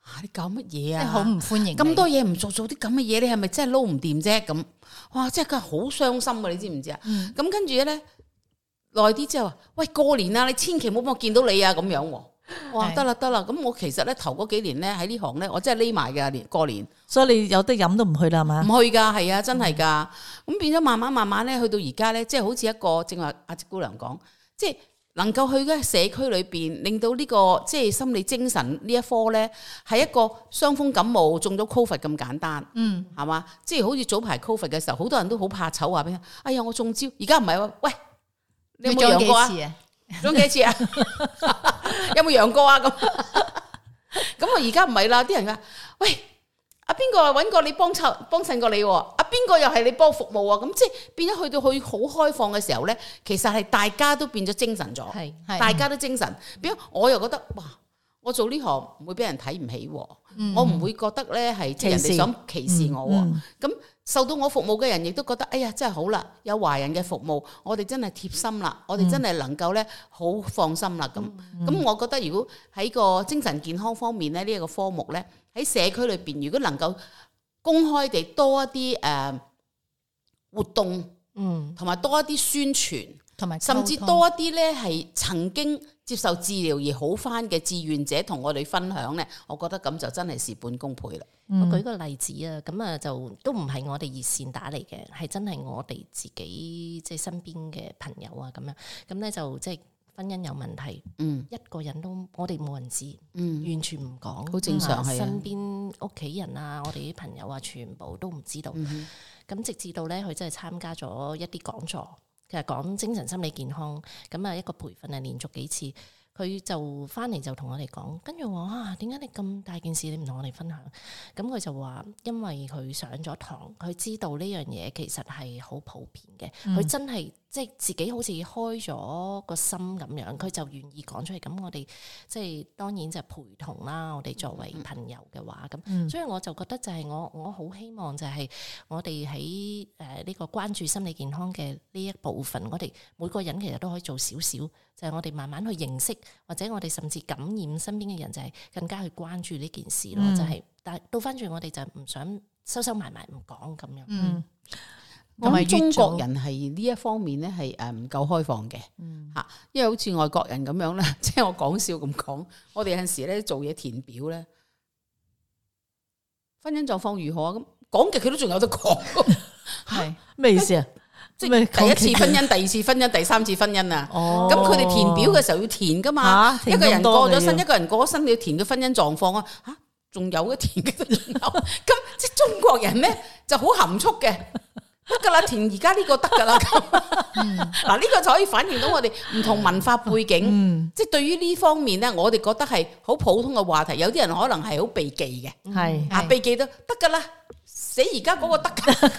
啊、你搞乜嘢啊？你好唔歡迎咁多嘢唔做，做啲咁嘅嘢，你係咪真係撈唔掂啫？咁哇，真係佢好傷心噶、啊，你知唔知啊？咁跟住咧，耐啲之後，喂過年啊，你千祈唔好畀我見到你啊，咁樣。哇，得啦得啦，咁我其實咧頭嗰幾年咧喺呢行咧，我真係匿埋嘅，連過年，所以你有得飲都唔去啦，係嘛？唔去噶，係啊，真係噶。咁、嗯、變咗慢慢慢慢咧，去到而家咧，即、就、係、是、好似一個正話阿戚姑娘講，即係。能夠去嘅社區裏邊，令到呢個即係心理精神呢一科咧，係一個傷風感冒中咗 Covid 咁簡單，嗯，係嘛？即係好似早排 Covid 嘅時候，好多人都好怕醜，話俾人，哎呀我中招，而家唔係喎，喂，你有冇養過啊？中幾次啊？次啊 [laughs] 有冇養過啊？咁， [laughs] 咁我而家唔係啦，啲人話，喂。阿邊個揾過你幫襯，幫襯過你？阿邊個又係你幫服務啊？咁即係變咗去到去好開放嘅時候咧，其實係大家都變咗精神咗，係大家都精神。嗯、比如我又覺得哇，我做呢行唔會俾人睇唔起，嗯、我唔會覺得咧係即人哋想歧視、嗯、歧視我咁。嗯受到我服務嘅人亦都覺得，哎呀，真係好啦，有華人嘅服務，我哋真係貼心啦，嗯、我哋真係能夠呢，好放心啦咁。咁、嗯嗯、我覺得如果喺個精神健康方面呢，呢、呢、一個科目呢，喺社區裏邊，如果能夠公開地多一啲誒、呃、活動，嗯，同埋多一啲宣傳，同埋甚至多一啲呢，係曾經，接受治療而好翻嘅志願者同我哋分享呢，我覺得咁就真係事半功倍啦。我舉個例子啊，咁啊就都唔係我哋熱線打嚟嘅，係真係我哋自己即係身邊嘅朋友啊咁樣。咁呢，就即係婚姻有問題，嗯，一個人都我哋冇人知，嗯，完全唔講，好正常係、啊、的身邊屋企人啊，我哋啲朋友啊，全部都唔知道。咁、嗯、哼直至到呢，佢真係參加咗一啲講座。其實講精神心理健康，咁啊一個培訓啊連續幾次，佢就翻嚟，就同我哋講，跟住我話，啊點解你咁大件事你唔同我哋分享？咁佢就話因為佢上咗堂，佢知道呢樣嘢其實係好普遍嘅，佢真係。即係自己好似開咗個心咁樣，佢就願意講出嚟。咁我哋即係當然就陪同啦。我哋作為朋友嘅話，咁、嗯、所以我就覺得就係我我好希望就係我哋喺誒呢個關注心理健康嘅呢一部分，我哋每個人其實都可以做少少，就係、是、我哋慢慢去認識或者我哋甚至感染身邊嘅人，就係更加去關注呢件事咯。嗯、就係、是、但係倒翻轉，我哋就唔想收收埋埋唔講咁樣。嗯嗯同埋中國人係呢一方面咧，係誒唔夠開放嘅吓，因為好似外國人咁樣啦，即係我講笑咁講，我哋有陣時咧做嘢填表咧，婚姻狀況如何講講 [laughs] 啊？咁講極佢都仲有得講，係咩意思啊？即係第一次婚姻、第二次婚姻、第三次婚姻啊？咁佢哋填表嘅時候要填噶嘛？啊、一個人過咗身，一個人過咗身你要填個婚姻狀況啊？吓，仲有嘅填嘅仲有，咁即係中國人咧就好含蓄嘅。得噶啦，填而家呢個得噶啦。嗱、 [laughs] 嗯，呢 [laughs] 個就可以反映到我哋唔同文化背景，即係、嗯、對於呢方面咧，我哋覺得係好普通嘅話題。有啲人可能係好避忌嘅，係啊避忌都得噶啦。死而家嗰個得㗎，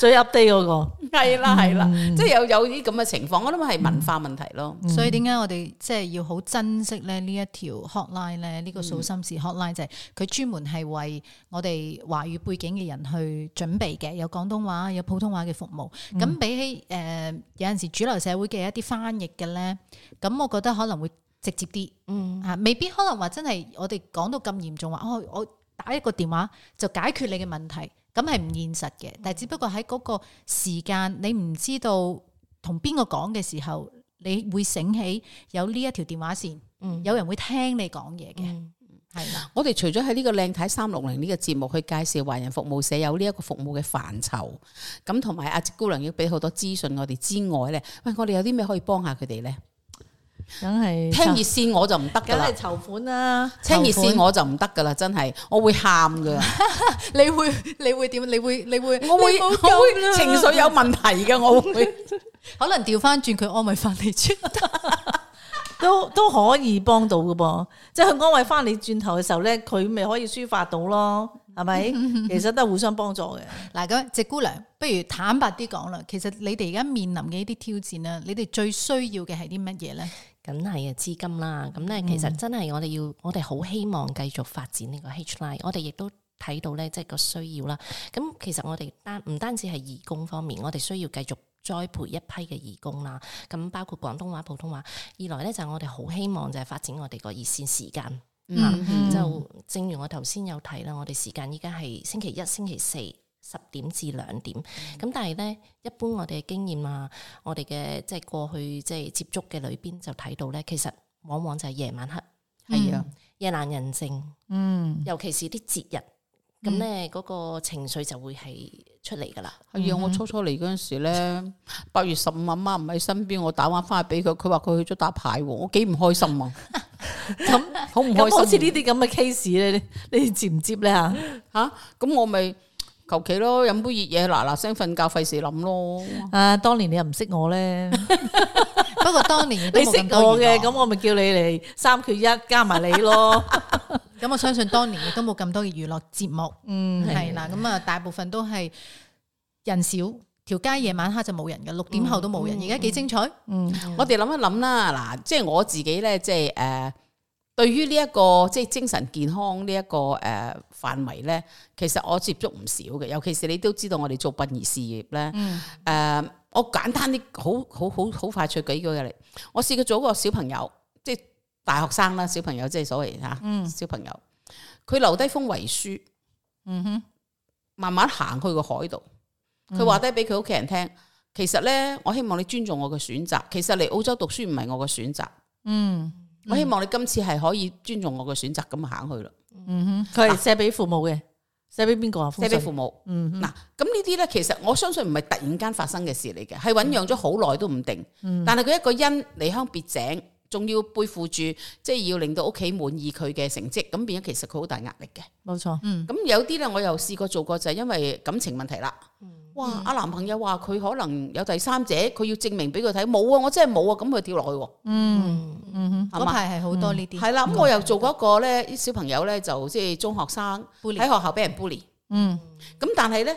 [laughs] 最 update 嗰、那個係啦係啦， [laughs] 嗯、即係有有啲咁嘅情況，我諗係文化問題咯。所以點解我哋即係要好珍惜咧呢一條 hotline 咧？呢、嗯、個掃心事 hotline 就係佢專門係為我哋華語背景嘅人去準備嘅，有廣東話有普通話嘅服務。咁、嗯、比起誒、呃、有陣時主流社會嘅一啲翻譯嘅咧，咁我覺得可能會直接啲，嗯啊，未必可能話真係我哋講到咁嚴重話哦我。打一個電話就解決你嘅問題，咁係唔現實嘅。但係只不過喺嗰個時間，你唔知道同邊個講嘅時候，你會醒起有呢一條電話線，嗯，有人會聽你講嘢嘅，係、嗯、吧我哋除咗喺呢個靚太三六零呢個節目去介紹華人服務社有呢一個服務嘅範疇，咁同埋阿姑娘要俾好多資訊我哋之外咧，喂，我哋有啲咩可以幫下佢哋咧？梗係聽熱線我就唔得噶梗係籌款啦。啊，聽熱線我就唔得噶啦真係我會喊噶 [laughs] 。你會你會點？你會你會？我會我會情緒有問題嘅，我會 [laughs] 可能調翻轉佢安慰翻你轉， [laughs] [laughs] 都都可以幫到嘅噃。即係佢安慰翻你轉頭嘅時候咧，佢咪可以抒發到咯，係咪？ [laughs] 其實都係互相幫助嘅。嗱咁， [laughs] 戚姑娘，不如坦白啲講啦。其實你哋而家面臨嘅一啲挑戰啊，你哋最需要嘅係啲乜嘢咧？梗係啊，資金啦，咁咧、嗯、其實真係我哋要，我哋好希望繼續發展呢個 H line，我哋亦都睇到咧，即係個需要啦。咁其實我哋單唔單止係義工方面，我哋需要繼續栽培一批嘅義工啦。咁包括廣東話、普通話。二來咧就係我哋好希望就係發展我哋個熱線時間嚇。嗯、哼就正如我頭先有提啦，我哋時間依家係星期一、星期四，十點至兩點，咁但係咧，一般我哋嘅經驗啊，我哋嘅即係過去即係接觸嘅裏邊就睇到咧，其實往往就係夜晚黑，係啊，夜闌人靜，嗯，尤其是啲節日，咁咧嗰個情緒就會係出嚟㗎喇。係啊，我初初嚟嗰陣時咧，八月十五阿媽唔喺身邊，我打翻翻去俾佢，佢話佢去咗打牌，我幾唔開心啊。咁好唔開好似呢啲咁嘅 case 咧，你接唔接咧吓？吓，咁我咪。求其咯，飲杯熱嘢，嗱嗱聲瞓覺，費事諗咯。啊，當年你又唔識我咧， [laughs] [laughs] 不過當年你識我嘅，咁我咪叫你嚟三缺一加埋你咯。咁 [laughs] [laughs] 我相信當年亦都冇咁多嘅娛樂節目，嗯係啦，咁啊大部分都係人少，條街夜晚黑就冇人嘅，六點後都冇人。而家幾精彩，嗯， [laughs] 我哋諗一諗啦，嗱，即係我自己咧，即係誒。呃對於呢一個即係精神健康呢一個誒範圍咧，其實我接觸唔少嘅，尤其是你都知道我哋做殯儀事業呢。誒、嗯呃，我簡單啲，好好好快脆幾句嘅你，我試過做一個小朋友，即係大學生啦，小朋友即係所謂吓，嗯、小朋友佢留低封遺書，嗯哼，慢慢行去個海度，佢話低俾佢屋企人聽，嗯、哼其實呢，我希望你尊重我嘅選擇，其實嚟澳洲讀書唔係我嘅選擇，嗯。我希望你今次係可以尊重我嘅選擇，咁行去啦。嗯哼，佢係寫俾父母嘅，寫俾邊個啊？寫俾父母。嗯哼，嗱，咁呢啲咧，其實我相信唔係突然間發生嘅事嚟嘅，係醞釀咗好耐都唔定。嗯，但係佢一個因離鄉別井，仲要背負住，即係要令到屋企滿意佢嘅成績，咁變咗其實佢好大壓力嘅。冇錯。嗯，咁有啲咧，我又試過做過就係因為感情問題啦。哇！阿、嗯、男朋友話佢可能有第三者，佢要證明俾佢睇，冇啊！我真係冇啊！咁佢跳落去，嗯嗯，嗰排係好多呢啲，係啦、嗯。咁我又做過一個咧，啲小朋友咧、嗯、就即係中學生喺 Bully，學校俾人 bully，嗯，咁但係咧，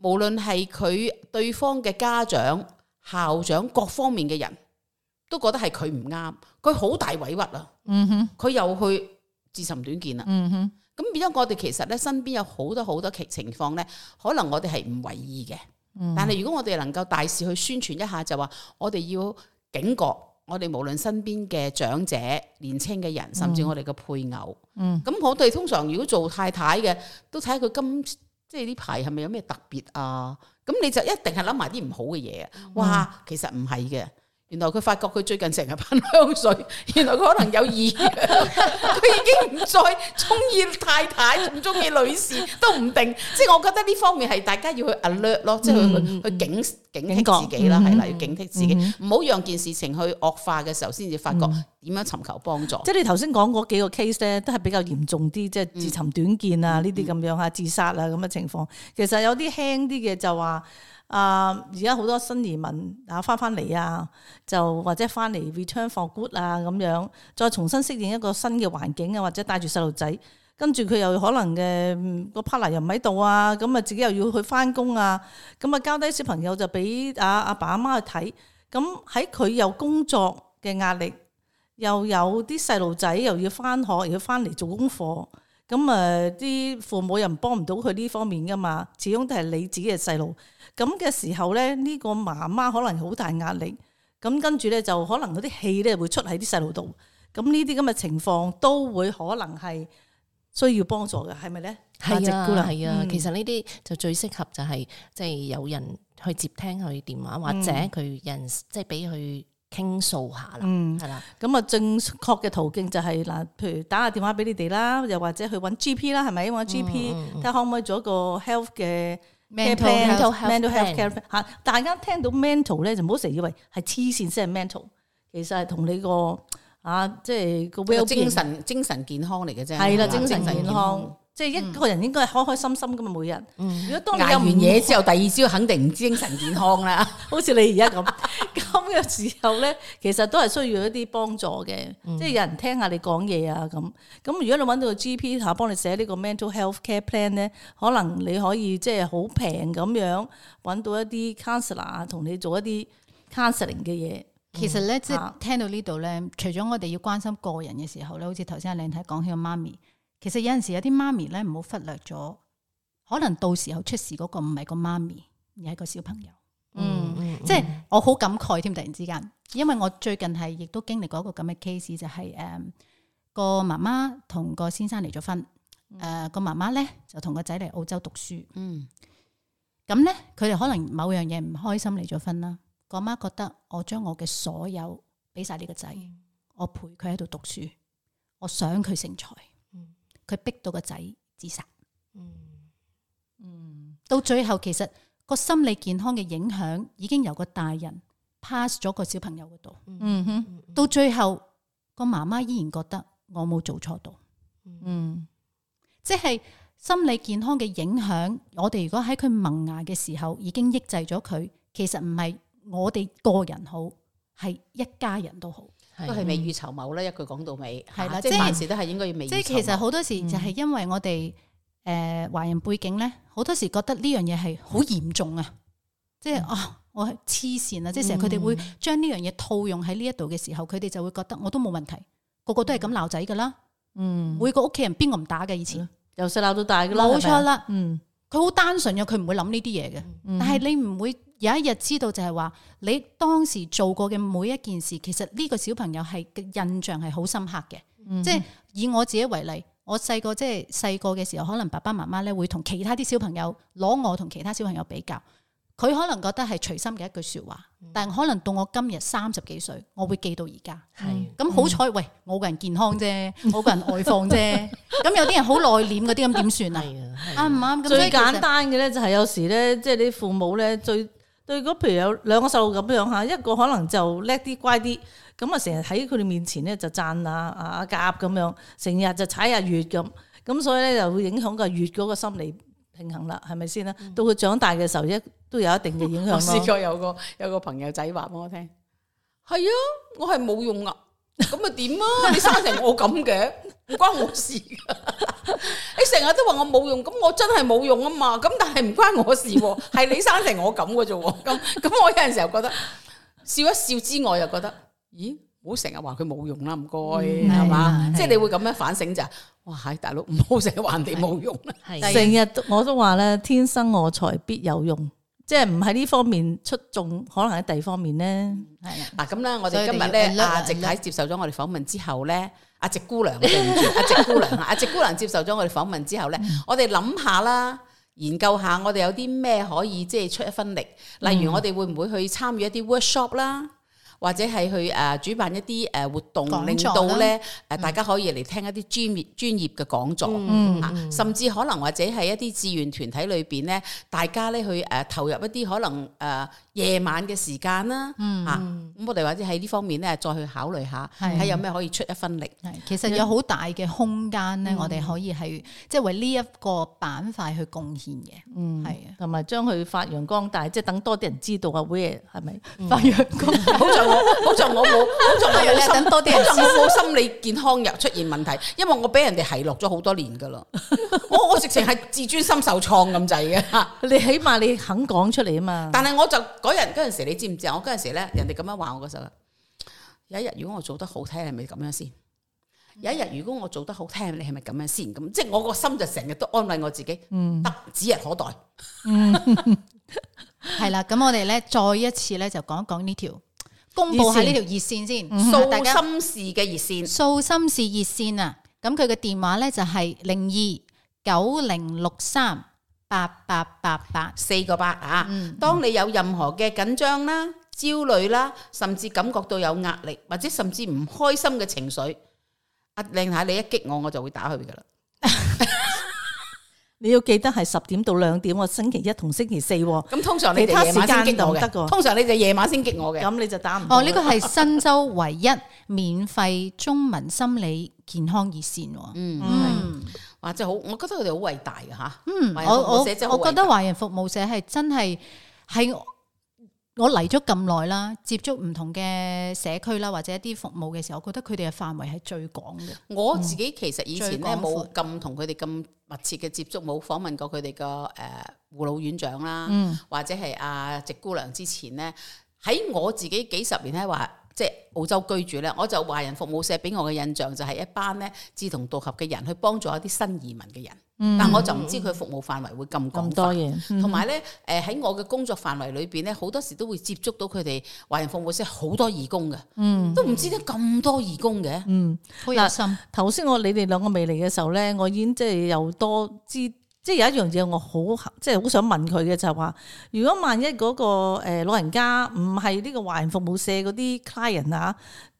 無論係佢對方嘅家長、校長各方面嘅人，都覺得係佢唔啱，佢好大委屈啊，嗯哼，佢又去自尋短見啊。嗯哼。嗯咁變咗，我哋其實咧，身邊有好多好多情況咧，可能我哋係唔為意嘅。嗯，但係如果我哋能夠大肆去宣傳一下，就話我哋要警覺，我哋無論身邊嘅長者、年青嘅人，甚至我哋嘅配偶。嗯，咁我哋通常如果做太太嘅，都睇下佢今即係呢排係咪有咩特別啊？咁你就一定係諗埋啲唔好嘅嘢。哇，其實唔係嘅。原來佢發覺佢最近成日噴香水，原來佢可能有異樣，佢已經唔再中意太太，唔中意女士都唔定。即係我覺得呢方面係大家要去 alert 咯，即係去去警警惕自己啦，係啦，要警惕自己，唔好讓件事情去惡化嘅時候，先至發覺點樣尋求幫助。即係你頭先講嗰幾個 case 咧，都係比較嚴重啲，即係自尋短見啊，呢啲咁樣啊，自殺啊咁嘅情況。其實有啲輕啲嘅就話。啊！而家好多新移民啊，翻翻嚟啊，就或者翻嚟 return for good 啊，咁樣再重新適應一個新嘅環境啊，或者帶住細路仔，跟住佢又可能嘅、嗯、個 partner 又唔喺度啊，咁、嗯、啊自己又要去翻工啊，咁、嗯、啊交低小朋友就俾阿阿爸阿媽去睇，咁喺佢有工作嘅壓力，又有啲細路仔又要翻學，又要翻嚟做功課。咁啊，啲父母又幫唔到佢呢方面噶嘛，始終都係你自己嘅細路。咁嘅時候咧，呢、呢個媽媽可能好大壓力。咁跟住咧，就可能嗰啲氣咧會出喺啲細路度。咁呢啲咁嘅情況都會可能係需要幫助嘅，係咪咧？係啊，係啊，嗯、其實呢啲就最適合就係即係有人去接聽佢電話，或者佢人即係俾佢。嗯傾訴下啦，嗯，係啦吧，咁啊正確嘅途徑就係、是、嗱，譬如打下電話俾你哋啦，又或者去揾 G P 啦，係咪？因為揾 G P 睇下、嗯、可唔可以做一個 health 嘅 mental, mental health care plan、嗯、大家聽到 mental 咧就唔好成日以為係黐線先係 mental，其實係同你個啊，即、就、係、是、個精神精神健康嚟嘅啫，係啦，精神健康。吧即係一個人應該係開開心心噶嘛，每日。嗯、如果當你飲完嘢之後，第二朝肯定唔知精神健康啦。 [laughs] 好似你而家咁咁嘅時候咧，其實都係需要一啲幫助嘅。嗯、即係有人聽下你講嘢啊咁。咁如果你揾到個 GP 嚇、啊、幫你寫呢個 mental health care plan 咧，可能你可以即係好平咁樣揾到一啲 counselor 啊，同你做一啲 counseling 嘅嘢。嗯、其實咧，即係、啊、聽到呢度咧，除咗我哋要關心個人嘅時候咧，好似頭先阿靚太講起個媽咪。其實有陣時有啲媽咪咧，唔好忽略咗，可能到時候出事嗰個唔係個媽咪，而係個小朋友。嗯，即係是、嗯、我好感慨添，突然之間，因為我最近係亦都經歷過一個咁嘅 case，就係、是、誒、嗯、個媽媽同個先生離咗婚，誒、嗯呃、個媽媽咧就同個仔嚟澳洲讀書。嗯，咁咧佢哋可能某樣嘢唔開心，離咗婚啦。個媽覺得我將我嘅所有俾晒呢個仔，嗯、我陪佢喺度讀書，我想佢成才。佢逼到個仔自殺，嗯，嗯，到最後其實個心理健康嘅影響已經由個大人 pass 咗個小朋友嗰度，嗯哼，嗯，到最後個媽媽依然覺得我冇做錯到。嗯，即係心理健康嘅影響，我哋如果喺佢萌芽嘅時候已經抑制咗佢，其實唔係我哋個人好，係一家人都好。都係未雨綢繆啦，一句講到尾，係啦的，即係萬事都係應該要未。即係是其實好多時就係因為我哋誒華人背景咧，好多時覺得呢樣嘢係好嚴重啊！嗯、即係啊，我黐線啊！嗯、即係成日佢哋會將呢樣嘢套用喺呢一度嘅時候，佢哋就會覺得我都冇問題，個都、嗯、個、嗯、都係咁鬧仔噶啦。嗯，每個屋企人邊個唔打嘅？以前由細鬧到大噶啦，冇錯啦。嗯，佢好單純嘅，佢唔會諗呢啲嘢嘅，但係你唔會。有一日知道就係話，你當時做過嘅每一件事，其實呢個小朋友係嘅印象係好深刻嘅。即係以我自己為例，我細個即係細個嘅時候，可能爸爸媽媽咧會同其他啲小朋友攞我同其他小朋友比較，佢可能覺得係隨心嘅一句説話，但係可能到我今日三十幾歲，我會記到而家。係咁好彩，喂，我個人健康啫，我個人外放啫。咁有啲人好內斂嗰啲咁點算啊？啱唔啱？最簡單嘅咧就係有時咧，即係你父母咧最。對，如果譬如有兩個細路咁樣吓，一個可能就叻啲乖啲，咁啊成日喺佢哋面前咧就讚啊啊甲咁樣，成日就踩下、啊、乙咁，咁所以咧就會影響個乙嗰個心理平衡啦，係咪先啦？嗯、到佢長大嘅時候一都有一定嘅影響咯。 [laughs] 我試過有個有個朋友仔話俾我聽，係 [laughs] 啊，我係冇用啊。咁咪點啊？你生成我咁嘅，唔關 [laughs] 我事。你成日都話我冇用，咁我真係冇用啊嘛。咁但係唔關我事，係你生成我咁嘅啫。咁 [laughs] 咁我有陣時候覺得笑一笑之外，又覺得，咦，唔好成日話佢冇用啦，唔該係嘛。即係你會咁樣反省就，哇，哎、大佬，唔好成日話人哋冇用，成日、啊啊、我都話咧，天生我材必有用。即係唔喺呢方面出眾，可能喺第二方面咧。係啊，嗱咁啦，我哋今日咧阿直太接受咗我哋訪問之後咧，阿直姑娘，阿直姑娘，阿、啊、直姑娘 [laughs] 接受咗我哋訪問之後咧，嗯、我哋諗下啦，研究下我哋有啲咩可以即係出一分力，例如我哋會唔會去參與一啲 workshop 啦、嗯？或者係去誒主辦一啲誒活動，令到咧誒大家可以嚟聽一啲專業專業嘅講座，嗯，甚至可能或者係一啲志願團體裏邊咧，大家咧去誒投入一啲可能誒夜晚嘅時間啦，嗯，嚇咁我哋或者喺呢方面咧再去考慮下，睇有咩可以出一分力。係，其實有好大嘅空間咧，我哋可以係即係為呢一個板塊去貢獻嘅，嗯，係啊，同埋將佢發揚光大，即係等多啲人知道啊 w h 係咪發揚光大好？ [laughs] 好我就我冇，我就係諗多啲人就我心理健康又出現問題，因為我俾人哋係落咗好多年噶啦，我我直情係自尊心受創咁滯嘅。你起碼你肯講出嚟啊嘛。但係我就嗰日嗰陣時，你知唔知啊？我嗰陣時咧，人哋咁樣話我嗰時候。有一日如果我做得好聽，你係咪咁樣先？有一日如果我做得好聽，你係咪咁樣先？咁即係我個心就成日都安慰我自己，得指日可待。 [laughs] 嗯，係 [laughs] 啦，咁我哋咧再一次咧就講一講呢條。公布下呢條熱線先，訴心事嘅熱線。訴、嗯、心事熱線啊，咁佢嘅電話呢，就係零二九零六三八八八八四個八啊。嗯嗯、當你有任何嘅緊張啦、焦慮啦，甚至感覺到有壓力或者甚至唔開心嘅情緒，阿靚太，你一激我，我就會打佢噶啦。 [laughs] 你要記得係十點到兩點喎，星期一同星期四。咁通常你哋夜晚先激我嘅，通常你就夜晚先激我嘅。咁你就打唔到。哦、呢、這個係新州唯一 [laughs] 免費中文心理健康熱線。嗯、嗯。哇，真係好，我覺得佢哋好偉大嘅吓。嗯，我我我覺得華人服務社係真係係我嚟咗咁耐啦，接觸唔同嘅社區啦，或者一啲服務嘅時候，我覺得佢哋嘅範圍係最廣嘅。我自己其實以前咧冇咁同佢哋咁密切嘅接觸，冇訪問過佢哋個誒護老院長啦，嗯、或者係阿、啊、直姑娘之前咧，喺我自己幾十年咧話。即係澳洲居住咧，我就華人服務社俾我嘅印象就係一班咧，志同道合嘅人去幫助一啲新移民嘅人。嗯、但我就唔知佢服務範圍會咁咁多嘢。同埋咧，誒、嗯、喺、嗯、我嘅工作範圍裏邊咧，好多時都會接觸到佢哋華人服務社好多義工嘅，嗯嗯、都唔知得咁多義工嘅，好有、嗯、心。頭先我你哋兩個未嚟嘅時候咧，我已經即係有多知。.即係有一樣嘢我好即係好想問佢嘅就係、是、話，如果萬一嗰個老人家唔係呢個華人服務社嗰啲 client 啊，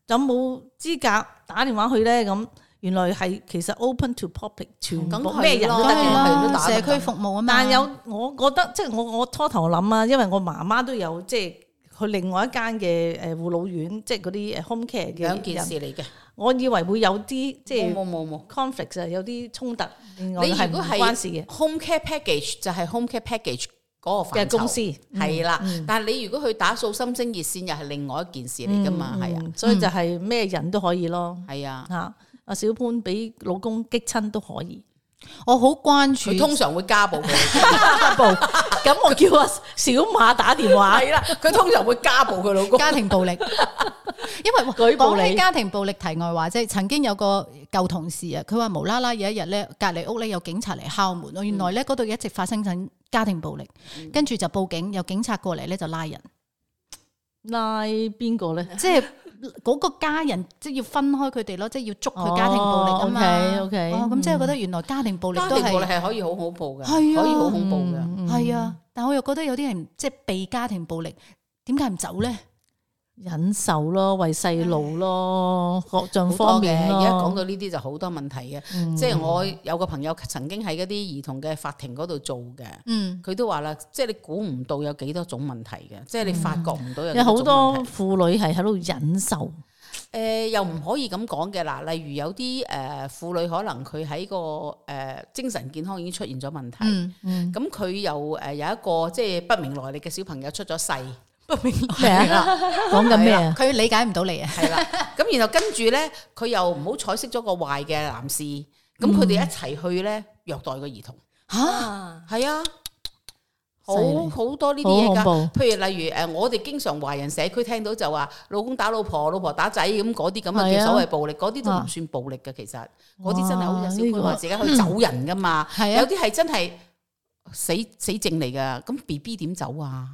有冇資格打電話去咧？咁、嗯、原來係其實 open to public，全部咩人都得嘅，社區服務啊嘛。但有我覺得即係我我初頭諗啊，因為我媽媽都有即係去另外一間嘅誒護老院，即係嗰啲 home care 嘅。兩件事嚟嘅。我以為會有啲即係 conflict 啊，有啲衝突，另外你如果係關事嘅 home care package 就係 home care package 嗰個公司係啦，但係你如果去打掃心聲熱線又係另外一件事嚟㗎嘛，係啊、嗯，的所以就係咩人都可以咯，係的啊，阿小潘俾老公激親都可以，我好關注，佢通常會家暴。 [laughs] 家暴 [laughs] 咁我叫阿小馬打電話，係啦，佢通常會家暴佢老公，家庭暴力。因為舉報你家庭暴力題外話，即係曾經有個舊同事啊，佢話無啦啦有一日咧，隔籬屋咧有警察嚟敲門咯，原來咧嗰度一直發生緊家庭暴力，跟住就報警，有警察過嚟咧就拉人，拉邊個咧？即係。嗰個家人即係要分開佢哋咯，即係要捉佢家庭暴力啊嘛。OK，OK，咁即係覺得原來家庭暴力都係，家庭暴力係可以好恐怖嘅，係啊，可以好恐怖嘅。係啊，嗯嗯，但係我又覺得有啲人即係被家庭暴力，點解唔走咧？忍受咯，為細路咯，各種、嗯、方面咯。而家講到呢啲就好多問題嘅，嗯、即係我有個朋友曾經喺嗰啲兒童嘅法庭嗰度做嘅，佢、嗯、都話啦，即係你估唔到有幾多種問題嘅，即係你發覺唔到有好多婦女係喺度忍受。誒、呃，又唔可以咁講嘅嗱，例如有啲誒婦女可能佢喺個誒、呃、精神健康已經出現咗問題，咁佢、嗯嗯、又誒有一個即係不明來歷嘅小朋友出咗世。嗯咩啦？講緊咩啊？佢理解唔到你啊，係啦。咁然後跟住咧，佢又唔好彩識咗個壞嘅男士。咁佢哋一齊去咧，虐待個兒童。吓，係啊，好好多呢啲嘢噶。譬如例如誒，我哋經常華人社區聽到就話，老公打老婆，老婆打仔，咁嗰啲咁啊叫所謂暴力，嗰啲都唔算暴力噶。其實嗰啲真係好少，佢話自己去走人噶嘛。係啊，有啲係真係死死證嚟噶。咁 BB 點走啊？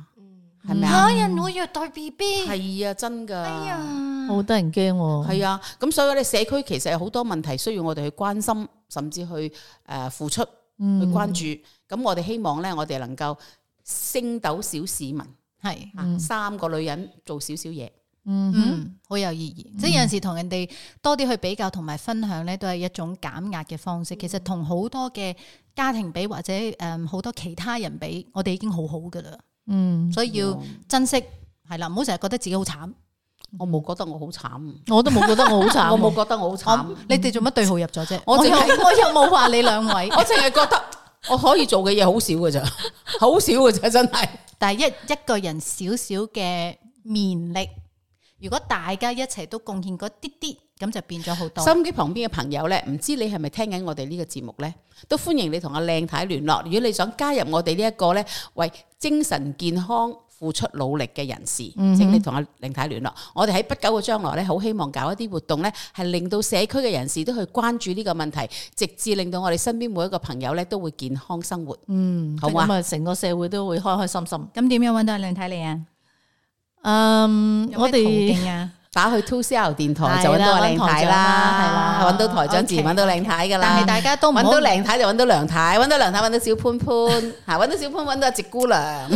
係咪？吓人，會虐待 B B。係啊，真噶，哎呀，好得人驚喎。係啊，咁所以我哋社區其實有好多問題需要我哋去關心，甚至去誒付出去關注。咁、嗯、我哋希望咧，我哋能夠升斗小市民，係的、嗯、三個女人做少少嘢，嗯，好有意義。嗯、即係有陣時同人哋多啲去比較，同埋分享咧，都係一種減壓嘅方式。其實同好多嘅家庭比，或者誒好多其他人比，我哋已經好好噶啦。嗯，所以要珍惜係啦，唔好成日覺得自己好慘。我冇覺得我好慘，我都冇覺得我好慘。 [laughs] 我冇覺得我好慘。我我你哋做乜對號入咗啫、嗯？我我又冇話你兩位， [laughs] 我淨係覺得我可以做嘅嘢好少㗎咋，好少㗎咋，真係。但係一一個人少少嘅綿力，如果大家一齊都貢獻過啲啲。咁就變咗好多。收音機旁邊嘅朋友呢，唔知你係咪聽緊我哋呢個節目呢？都歡迎你同阿靚太聯絡。如果你想加入我哋呢一個呢，為精神健康付出努力嘅人士，請、嗯嗯、你同阿靚太聯絡。我哋喺不久嘅將來呢，好希望搞一啲活動呢，係令到社區嘅人士都去關注呢個問題，直至令到我哋身邊每一個朋友呢，都會健康生活。嗯，好啊嗎，成個社會都會開開心心、嗯、會都會開心心。咁點、嗯、樣搵到阿靚太你啊？嗯、我哋 們。 [laughs] 打去 To c e l l 電台就揾到靚太啦，係啦，揾到台長自然揾到靚太，揾到靚太噶啦。但係大家都唔好揾到靚太就揾到梁太，揾到梁太揾到小潘潘，吓揾到小潘揾到阿直姑娘。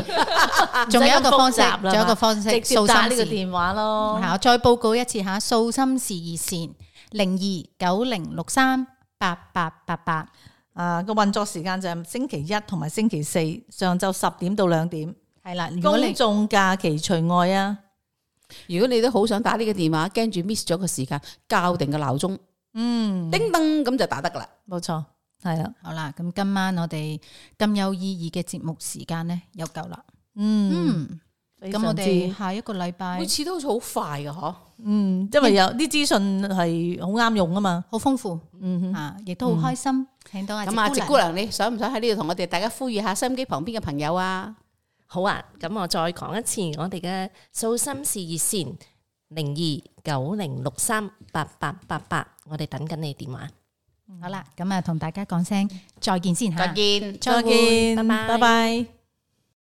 仲有一個方式，仲有一個方式，掃直接打呢個電話咯。吓，再報告一次吓，訴心事熱線零二九零六三八八八八。誒，個運作時間就係星期一同埋星期四上晝十點到兩點。係啦，公眾假期除外啊。如果你都好想打呢個電話，驚住 miss 咗個時間，校定個鬧鐘，嗯，叮當咁就打得噶啦，冇錯，係啦，好啦，咁今晚我哋咁有意義嘅節目時間咧，有夠啦，嗯，咁、嗯、我哋下一個禮拜，每次都好似好快噶嗬，嗯，因為有啲資訊係好啱用啊嘛，好豐、嗯、富，嗯啊哼，亦都好開心，嗯、聽到咁啊，植姑娘，姑娘你想唔想喺呢度同我哋大家呼籲下收音機旁邊嘅朋友啊？好啊，咁我再講一次我哋嘅訴心事熱線零二九零六三八八八八，88 88, 我哋等緊你電話。嗯、好啦，咁啊同大家講聲再見先吓，再見，再見，再見拜拜。拜拜拜拜